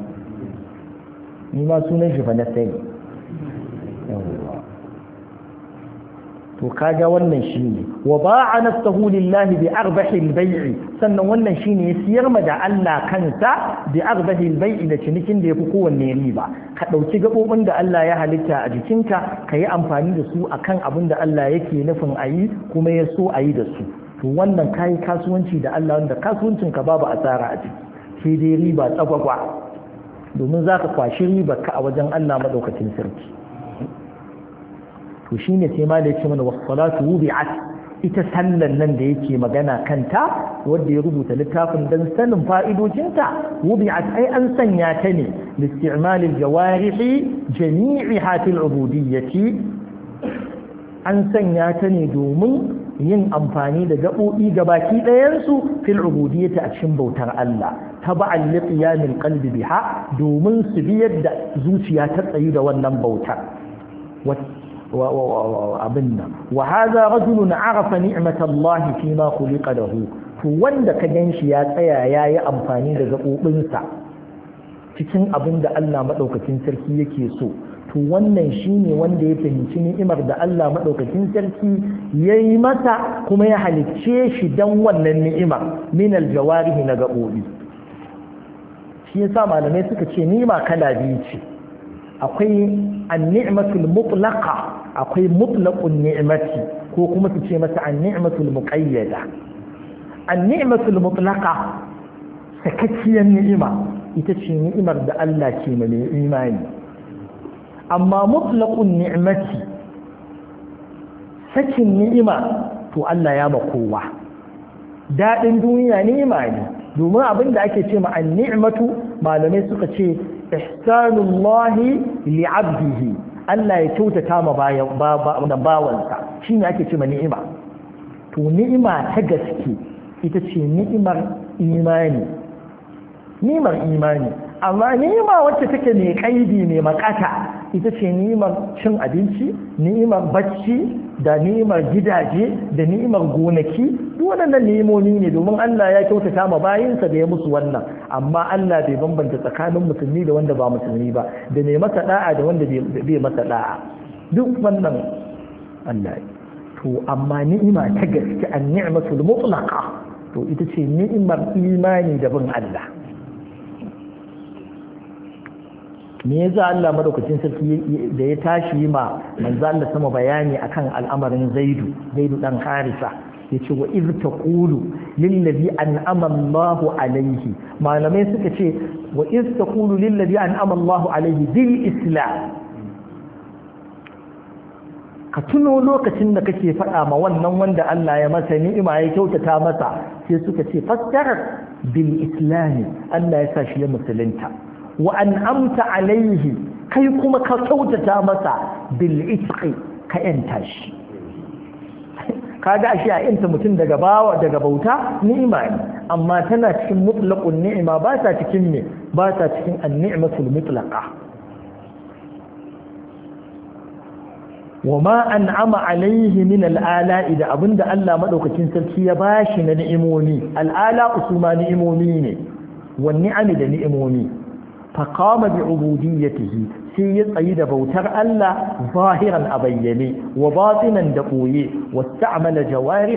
ni ma sunan shi fa na sani yawwa to kaga wannan shine wa ba'a nafsahu lillahi bi arbahi bai'i sannan wannan shine ya siyar ma da Allah kansa bi arbahi bai'i da cinikin da yafi kowanne riba ka dauki gabobin da Allah ya halitta a jikinka ka yi amfani da su akan abin da Allah yake nufin ayi kuma ya so ayi da su to wannan kai kasuwanci da Allah wanda kasuwancin ka babu asara a ciki sai dai riba tsagwagwa domin zaka kwashi ribar ka a wajen Allah madaukakin sarki to shine sai ma da yake mana wassalatu wubi'at ita sallan nan da yake magana kanta wanda ya rubuta littafin dan sanin fa'idojinta wubi'at ai an sanya ta ne listi'mal al-jawarih jami'iha fil ubudiyyati an sanya ta ne domin yin amfani da gaɓoɓi gabaki ɗayansu fil ubudiyyati a cikin bautar Allah ta taba'an li qiyamil qalbi biha domin su biyar da zuciya ta tsayu da wannan bautar abin nan wa haza rajulun arafa ni'matallahi fi ma khuliqa lahu to wanda ka ganshi ya tsaya yayi amfani da gabobinsa cikin abin da Allah madaukakin sarki yake so to wannan shine wanda ya fahimci ni'imar da Allah madaukakin sarki yayi masa kuma ya halicce shi dan wannan ni'ima min aljawarihi na gabobi shi yasa malamai suka ce ni'ima kala biyu ce akwai anni'matul mutlaka akwai mutlaƙun ni'mati ko kuma su ce masa anni'matul nimatul muqayyada an sakakiyar mutlaqa ni'ima ita ce ni'imar da Allah ke mai imani amma mutlaqun ni'mati sakin ni'ima to Allah ya kowa daɗin duniya ni'ima ne domin abin da ake ce ma an ni'matu malamai suka ce li abdihi. Allah ya kyautata ma bawansa Shin ne ake ce ma ni'ima to ni'ima ta gaske ita ce ni'imar imani ni'imar imani amma ni'ima wacce take mai kaidi mai makata ita ce ni'imar cin abinci ni'imar bacci da ni'imar gidaje da ni'imar gonaki duk waɗannan ni'imomi ne domin Allah ya kyautata ma bayinsa da ya musu wannan amma Allah bai bambanta tsakanin musulmi da wanda ba musulmi ba da mai masa da'a da wanda bai masa da'a duk wannan Allah to amma ni'ima ta gaske an ni'matul mutlaqa to ita ce ni'imar imani da bin Allah me za Allah madaukacin sarki da ya tashi ma manzo Allah sama bayani akan al'amarin Zaidu Zaidu dan Harisa yace wa iz taqulu lil ladhi an'ama Allahu alayhi malamai suka ce wa iz taqulu lil ladhi an'ama Allahu alayhi bil islam ka tuno lokacin da kake faɗa ma wannan wanda Allah ya masa ni'ima ya kyautata masa sai suka ce fassarar bil Islam Allah ya sa shi ya musulunta wa an'amta alaihi kai kuma ka kyautata masa bil itqi ka yanta shi kaga ashe a yanta mutum daga bawa daga bauta ni'ima ne amma tana cikin mutlaqun ni'ima ba ta cikin ne ba ta cikin an-ni'matul mutlaqa وما أنعم عليه من الآلاء إذا أبند ألا مدوكتين سلسية باش نئموني الآلاء أسوما نئموني والنعم da نئموني فقام بعبوديته sai ya tsayi da bautar Allah zahiran a bayyane wa batinan da koye wa ta'amala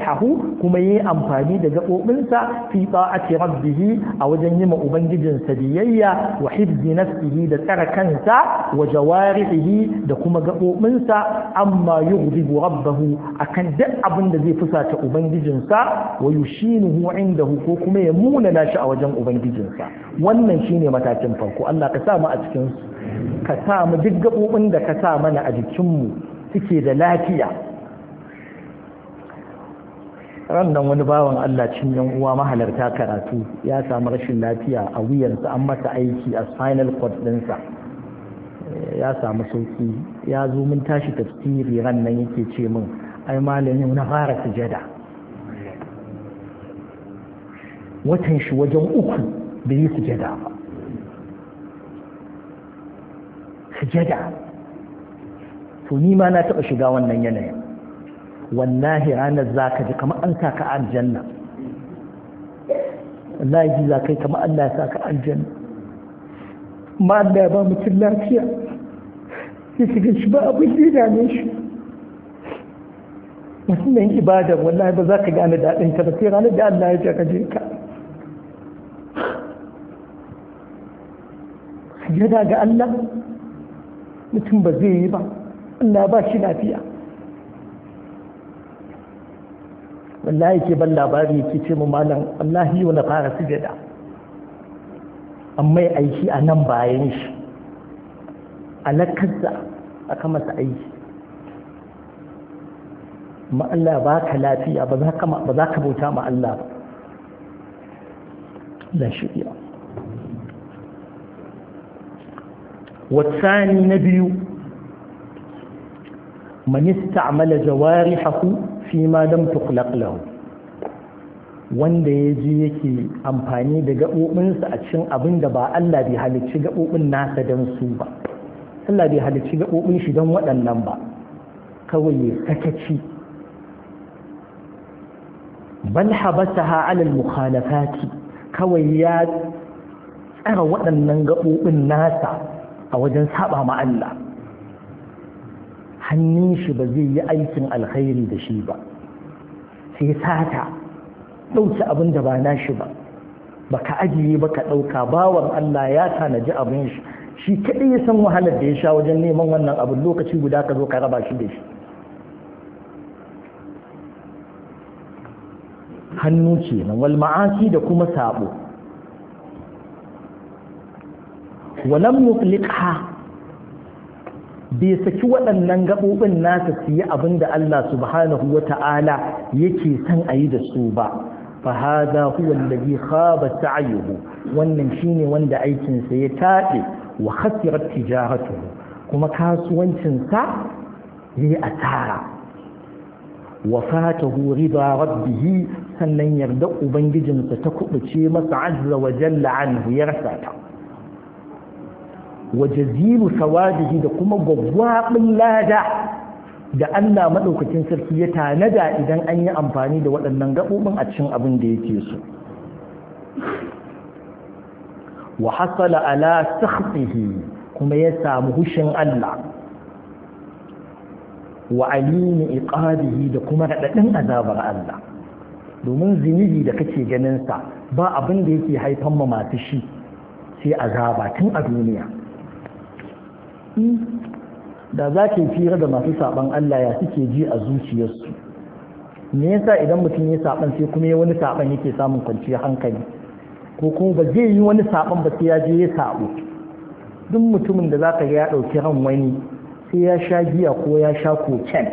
hahu, kuma yayi amfani da gabobinsa fi ta'ati rabbihi a wajen yi ma ubangijinsa biyayya wa hibzi nafsihi da tsara kansa wa jawarihi da kuma gaɓoɓinsa, amma yughdibu rabbahu akan duk abin da zai fusata ubangijinsa wa yushinuhu indahu ko kuma ya muna shi a wajen ubangijinsa wannan shine matakin farko Allah ka sa mu a cikin su ka sa mu duk gaɓoɓin da ka sa mana a jikinmu suke da lafiya rannan wani bawan Allah cin yan uwa mahalarta karatu ya samu rashin lafiya a wuyansa an masa aiki a spinal cord ɗinsa ya samu sauki ya zo mun tashi tafsiri rannan yake ce min ai malamin na fara sujada watan shi wajen uku bai yi sujada ba sujada to ni ma na taɓa shiga wannan yanayin wallahi ranar za ka ji kamar an sa ka aljanna wallahi ji za yi kamar Allah ya sa ka aljanna ma Allah ya ba mutum lafiya sai shiga shi ba abin da ya dame shi musamman ibadar wallahi ba za ka gane daɗin ta ba sai ranar da Allah ya jaka je ka sujada ga Allah mutum ba zai yi ba Allah ba shi lafiya wallahi ke ban labari ke ce mu malam wallahi yau na fara sujada amma aiki a nan bayan shi alakarsa aka masa aiki ma Allah ba ka lafiya ba za ka bauta ma Allah ba Zan shirya والثاني نبي من استعمل جوارحه فيما لم تخلق له wanda ya ji yake amfani da gaɓoɓinsa a cikin abin da ba Allah bai halicci gaɓoɓin nasa don su ba Allah bai halicci gaɓoɓin shi don waɗannan ba kawai ya sakaci bal habasaha alal mukhalafati kawai ya tsara waɗannan gaɓoɓin nasa a wajen saba ma Allah hannun shi ba zai yi aikin alkhairi da shi ba sai sata ɗauki abin da ba na shi ba ka ajiye ba ka ɗauka bawan Allah ya tanaji abin shi shi kaɗai ya san wahalar da ya sha wajen neman wannan abin lokaci guda ka zo ka raba shi da shi hannu ce nan wal ma'asi da kuma sabo walam yufliqha bai saki waɗannan gaɓoɓin nasa su yi abin da Allah subhanahu wa ta'ala yake san a yi da su ba fa hada huwa alladhi khaba sa'yuhu wannan shine wanda aikin sa ya tabe wa khasirat tijaratuhu kuma kasuwancin sa yayi asara wa fatahu riba rabbih sannan yarda ubangijinsa ta kubuce masa azza wa jalla anhu ya rasa ta wa jazilu sawadihi da kuma gwagwabin lada da Allah madaukakin sarki ya tanada idan an yi amfani da waɗannan gaɓoɓin a cikin abin da yake so wa hasala ala sakhtihi kuma ya samu hushin Allah wa alimi iqadihi da kuma raɗaɗin azabar Allah domin ziniri da kake ganin sa ba abin da yake haifan ma masu shi sai azaba tun a duniya da za ke fira da masu saban Allah ya suke ji a zuciyarsu me yasa idan mutum ya saban sai kuma ya wani saban yake samun kwanciyar hankali ko kuma ba zai yi wani saban ba sai ya je ya saɓo? duk mutumin da zaka ga ya ɗauki ran wani sai ya sha giya ko ya sha koken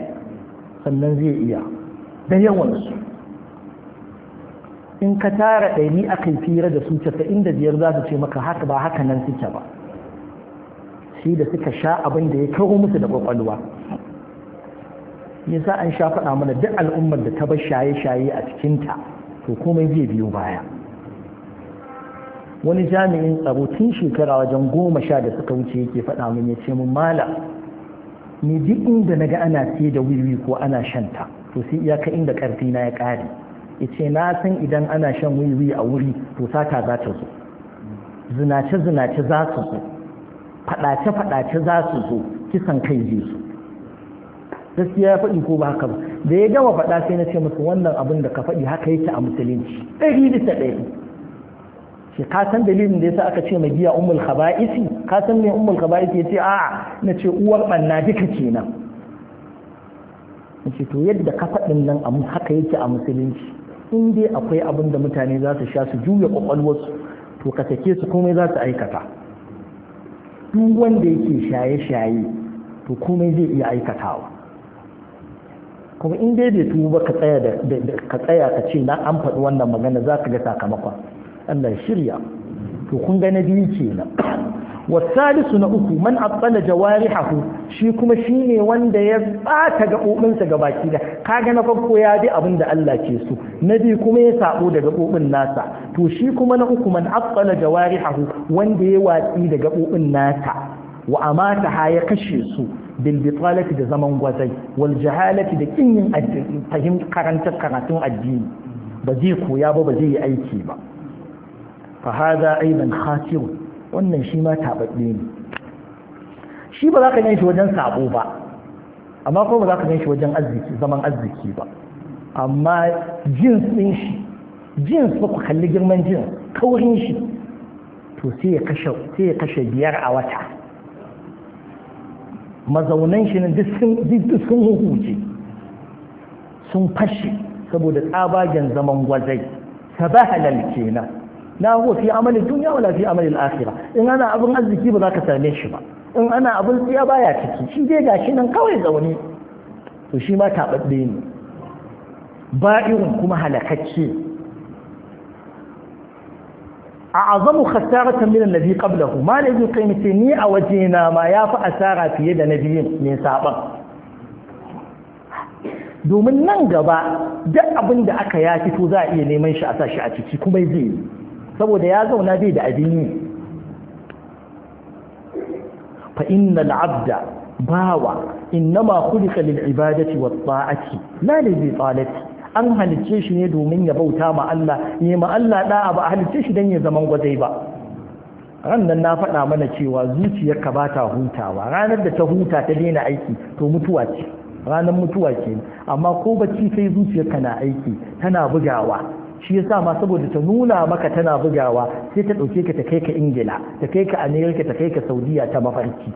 sannan zai iya da yawan in ka tara ɗari yi fira da su casa'in da biyar za su ce maka haka ba haka nan suke ba shi da suka sha abin da ya kawo musu da kwakwalwa yasa an sha faɗa mana duk al'ummar da ta bar shaye-shaye a cikinta to komai zai biyo baya wani jami'in tsaro tun shekara wajen goma sha da suka wuce yake faɗa min ya ce mun mala ni duk inda naga ana sai da wiwi ko ana shanta to sai iyaka inda karfi na ya ƙare ya ce na san idan ana shan wiwi a wuri to sata za ta zo zinace zinace za su zo faɗace-faɗace za su zo kisan kai zai su gaskiya ya faɗi ko ba haka ba da ya gama faɗa sai na ce musu wannan abin da ka faɗi haka yake a musulunci ɗari bisa ɗari shi ka san dalilin da yasa aka ce mai giya ummul khaba'isi ka san me ummul khaba'isi yace a'a na ce uwar banna duka kenan nace to yadda ka faɗin nan a haka yake a musulunci in dai akwai abin da mutane za su sha su juya kwakwalwarsu to ka sake su komai za su aikata duk wanda yake shaye-shaye to komai zai iya aikatawa kuma in dai bai tuba ka tsaya ka tsaya ka ce na an faɗi wannan magana za ka ga sakamakon Allah shirya to kun ga na biyu kenan والثالث نأكو من أبطل جوارحه شي كما شيني وان دا يبقى تقومن سقباكي دا كاغا نفقو يا دي أبن دا الله كيسو نبي كما يسعو دا قومن ناسا تو شي كما نأكو من أبطل جوارحه وان دا يواتي دا قومن ناسا وأماتها يكشيسو بالبطالة دا زمن وزي والجهالة دا كنين فهم قرنتك قرنتون الدين بزيكو يابا بزي أيكي با فهذا أيضا خاسر wannan shi ma taɓaɓɓe ne shi ba za ka gan wajen sabo ba amma kuma ba za ka gan shi wajen arziki zaman arziki ba amma jins ɗin shi jins ba ku kalli girman jins kaurin shi to sai ya kashe biyar a wata mazaunan shi na duk sun huhuce sun fashe saboda tsabagen zaman gwazai sabahalal kenan la huwa fi amali dunya wala fi amali al-akhirah in ana abin arziki ba za ka same shi ba in ana abun tsiya baya ciki shi dai gashi nan kawai zaune to shi ma tabadde ne ba'irun kuma halakacce a'azamu khasaratan min alladhi qablahu ma la yuzqi ni a wajena ma yafi asara fiye da nabiyin ne saban domin nan gaba duk abin da aka ya fito za a iya neman shi a sashi a ciki kuma zai yi saboda ya zauna bai da abin yi fa innal abda bawa innama khuliqa lil ibadati wat ta'ati la li zalati an halice shi ne domin ya bauta ma Allah ne ma Allah da'a ba halice shi dan ya zama gwazai ba rannan na faɗa mana cewa zuciyarka ba ta hutawa ranar da ta huta ta daina aiki to mutuwa ce ranar mutuwa ce amma ko bacci sai zuciyar ka na aiki tana bugawa shi yasa ma saboda ta nuna maka tana bugawa sai ta ɗauke ka ta kai ka ingila ta kai ka amerika ta kai ka saudiya ta mafarki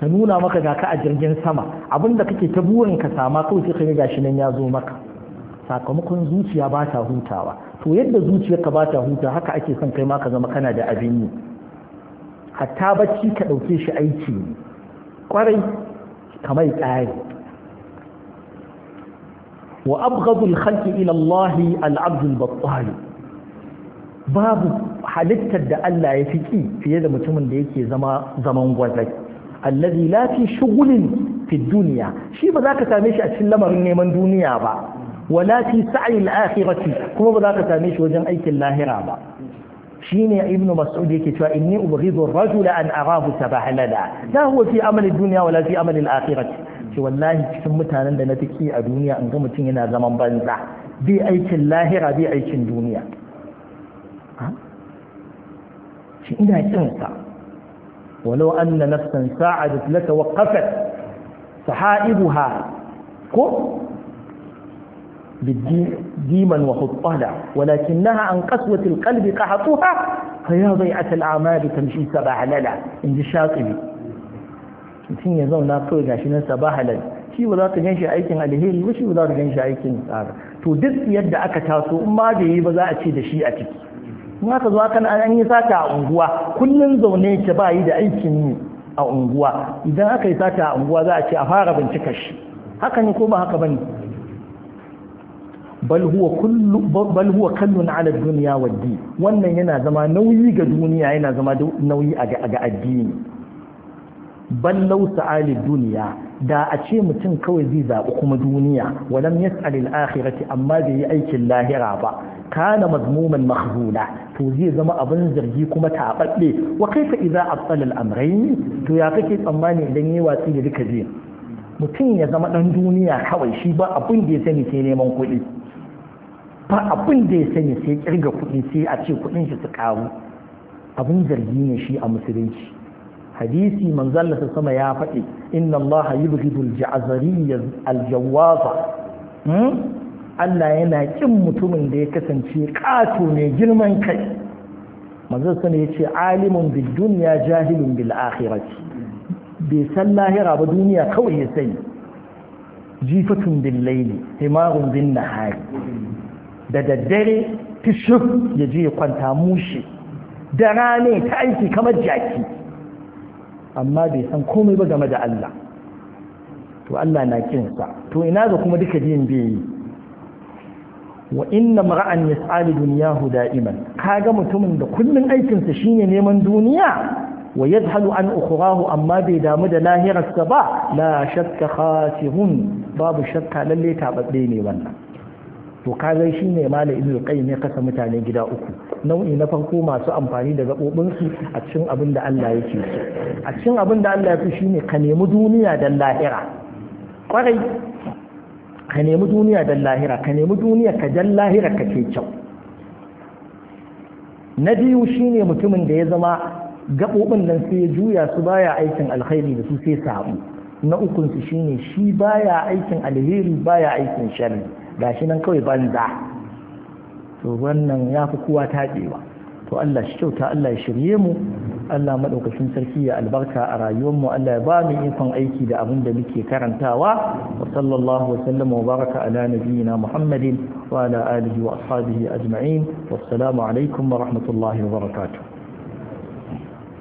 ta nuna maka ga ka a jirgin sama abinda kake ta burin ka sama kawai sai ka gashi shi nan ya zo maka sakamakon zuciya ba ta hutawa to yadda zuciyarka ba ta huta haka ake son kai ma ka zama kana da abin yi hatta bacci ka ɗauke shi aiki ne kwarai kamar tsari wa abghadul khalqi ila Allah al abdul battal babu halittar da Allah ya ki fiye da mutumin da yake zama zaman gwazai allazi la fi shughulin fi dunya shi ba za ka same shi a cikin lamarin neman duniya ba wala fi sa'i al-akhirati kuma ba za ka same shi wajen aikin lahira ba shine ibn mas'ud yake cewa inni ubghidu ar-rajula an arahu tabahlala la huwa fi amali ad-dunya wala fi amali al-akhirati ce wallahi cikin mutanen da na fi a duniya an ga mutum yana zaman banza bi aikin lahira bi aikin duniya shi ina kinsa walau an na nafsan sa'adat laka waqafat sahaibuha ko ديما وخطالا ولكنها عن قسوة القلب قحطها فيا ضيعة الأعمال تمشي سبع للا إن الشاطبي mutum ya zauna kawai gashi nan ba halal shi ba za ka gan shi aikin alheri ba shi ba za ka gan shi aikin tsara to duk yadda aka taso in ma bai yi ba za a ce da shi a ciki in aka zo aka an yi sata a unguwa kullum zaune ke ba yi da aikin yi a unguwa idan aka yi sata a unguwa za a ce a fara bincika shi haka ne ko ba haka bane bal huwa kullu bal huwa kallun ala dunya waddi wannan yana zama nauyi ga duniya yana zama nauyi a ga addini ballau sa'alid duniya da a ce mutum kawai zai zaɓi kuma duniya walam yas'alil akhirati amma bai yi aikin lahira ba kana mazmuman mahzuna to zai zama abin zargi kuma taɓaɓɓe wa kaifa idza absala al-amrayn to ya kake tsammani idan yi watsi da duka je mutum ya zama ɗan duniya kawai shi ba abin da ya sani sai neman kuɗi ba abin da ya sani sai kirga kuɗi sai a ce kuɗin shi su karu abin zargi ne shi a musulunci hadisi manzalla ta sama ya faɗi inna Allah yubghidu al-ja'zariyya al-jawwaza hmm? Allah yana kin mutumin da ya kasance ƙato mai girman kai manzon sama ya ce alimun bid dunya jahilun bil akhirati bai san lahira ba duniya kawai ya sani jifatun bil layli himarun bin nahari da daddare tishuf ya je ya kwanta mushi da rane ta aiki kamar jaki amma bai san komai ba game da Allah to Allah na kinsa to ina ga kuma duka din bai wa inna mar'an yas'alu dunyahu da'iman kaga mutumin da kullun aikinsa shine neman duniya wa yadhalu an ukhrahu amma bai damu da lahirarsa ba la shakka khasirun babu shakka lalle ta ne wannan to kaga shine malamin ibnu qayyim ya kasa mutane gida uku nau'i na farko masu amfani da gaɓoɓinsu a cikin abin da Allah yake so a cikin abin da Allah ya fi shine ka nemi duniya da lahira kwarai ka nemi duniya da lahira ka nemi duniya ka jan lahira ka ke kyau na biyu shine mutumin da ya zama gaɓoɓin nan sai ya juya su baya aikin alkhairi da su sai samu na ukunsu shi shine shi baya aikin alheri baya aikin sharri gashi nan kawai banza to wannan ya fi kowa taɓewa to Allah shi kyauta Allah ya shirye mu Allah maɗaukacin sarki ya albarka a rayuwar mu, Allah ya ba mu ikon aiki da abin da muke karantawa wa sallallahu wa sallam wa baraka ala nabiyyina Muhammadin wa ala alihi wa ashabihi ajma'in wassalamu alaikum wa rahmatullahi wa barakatuh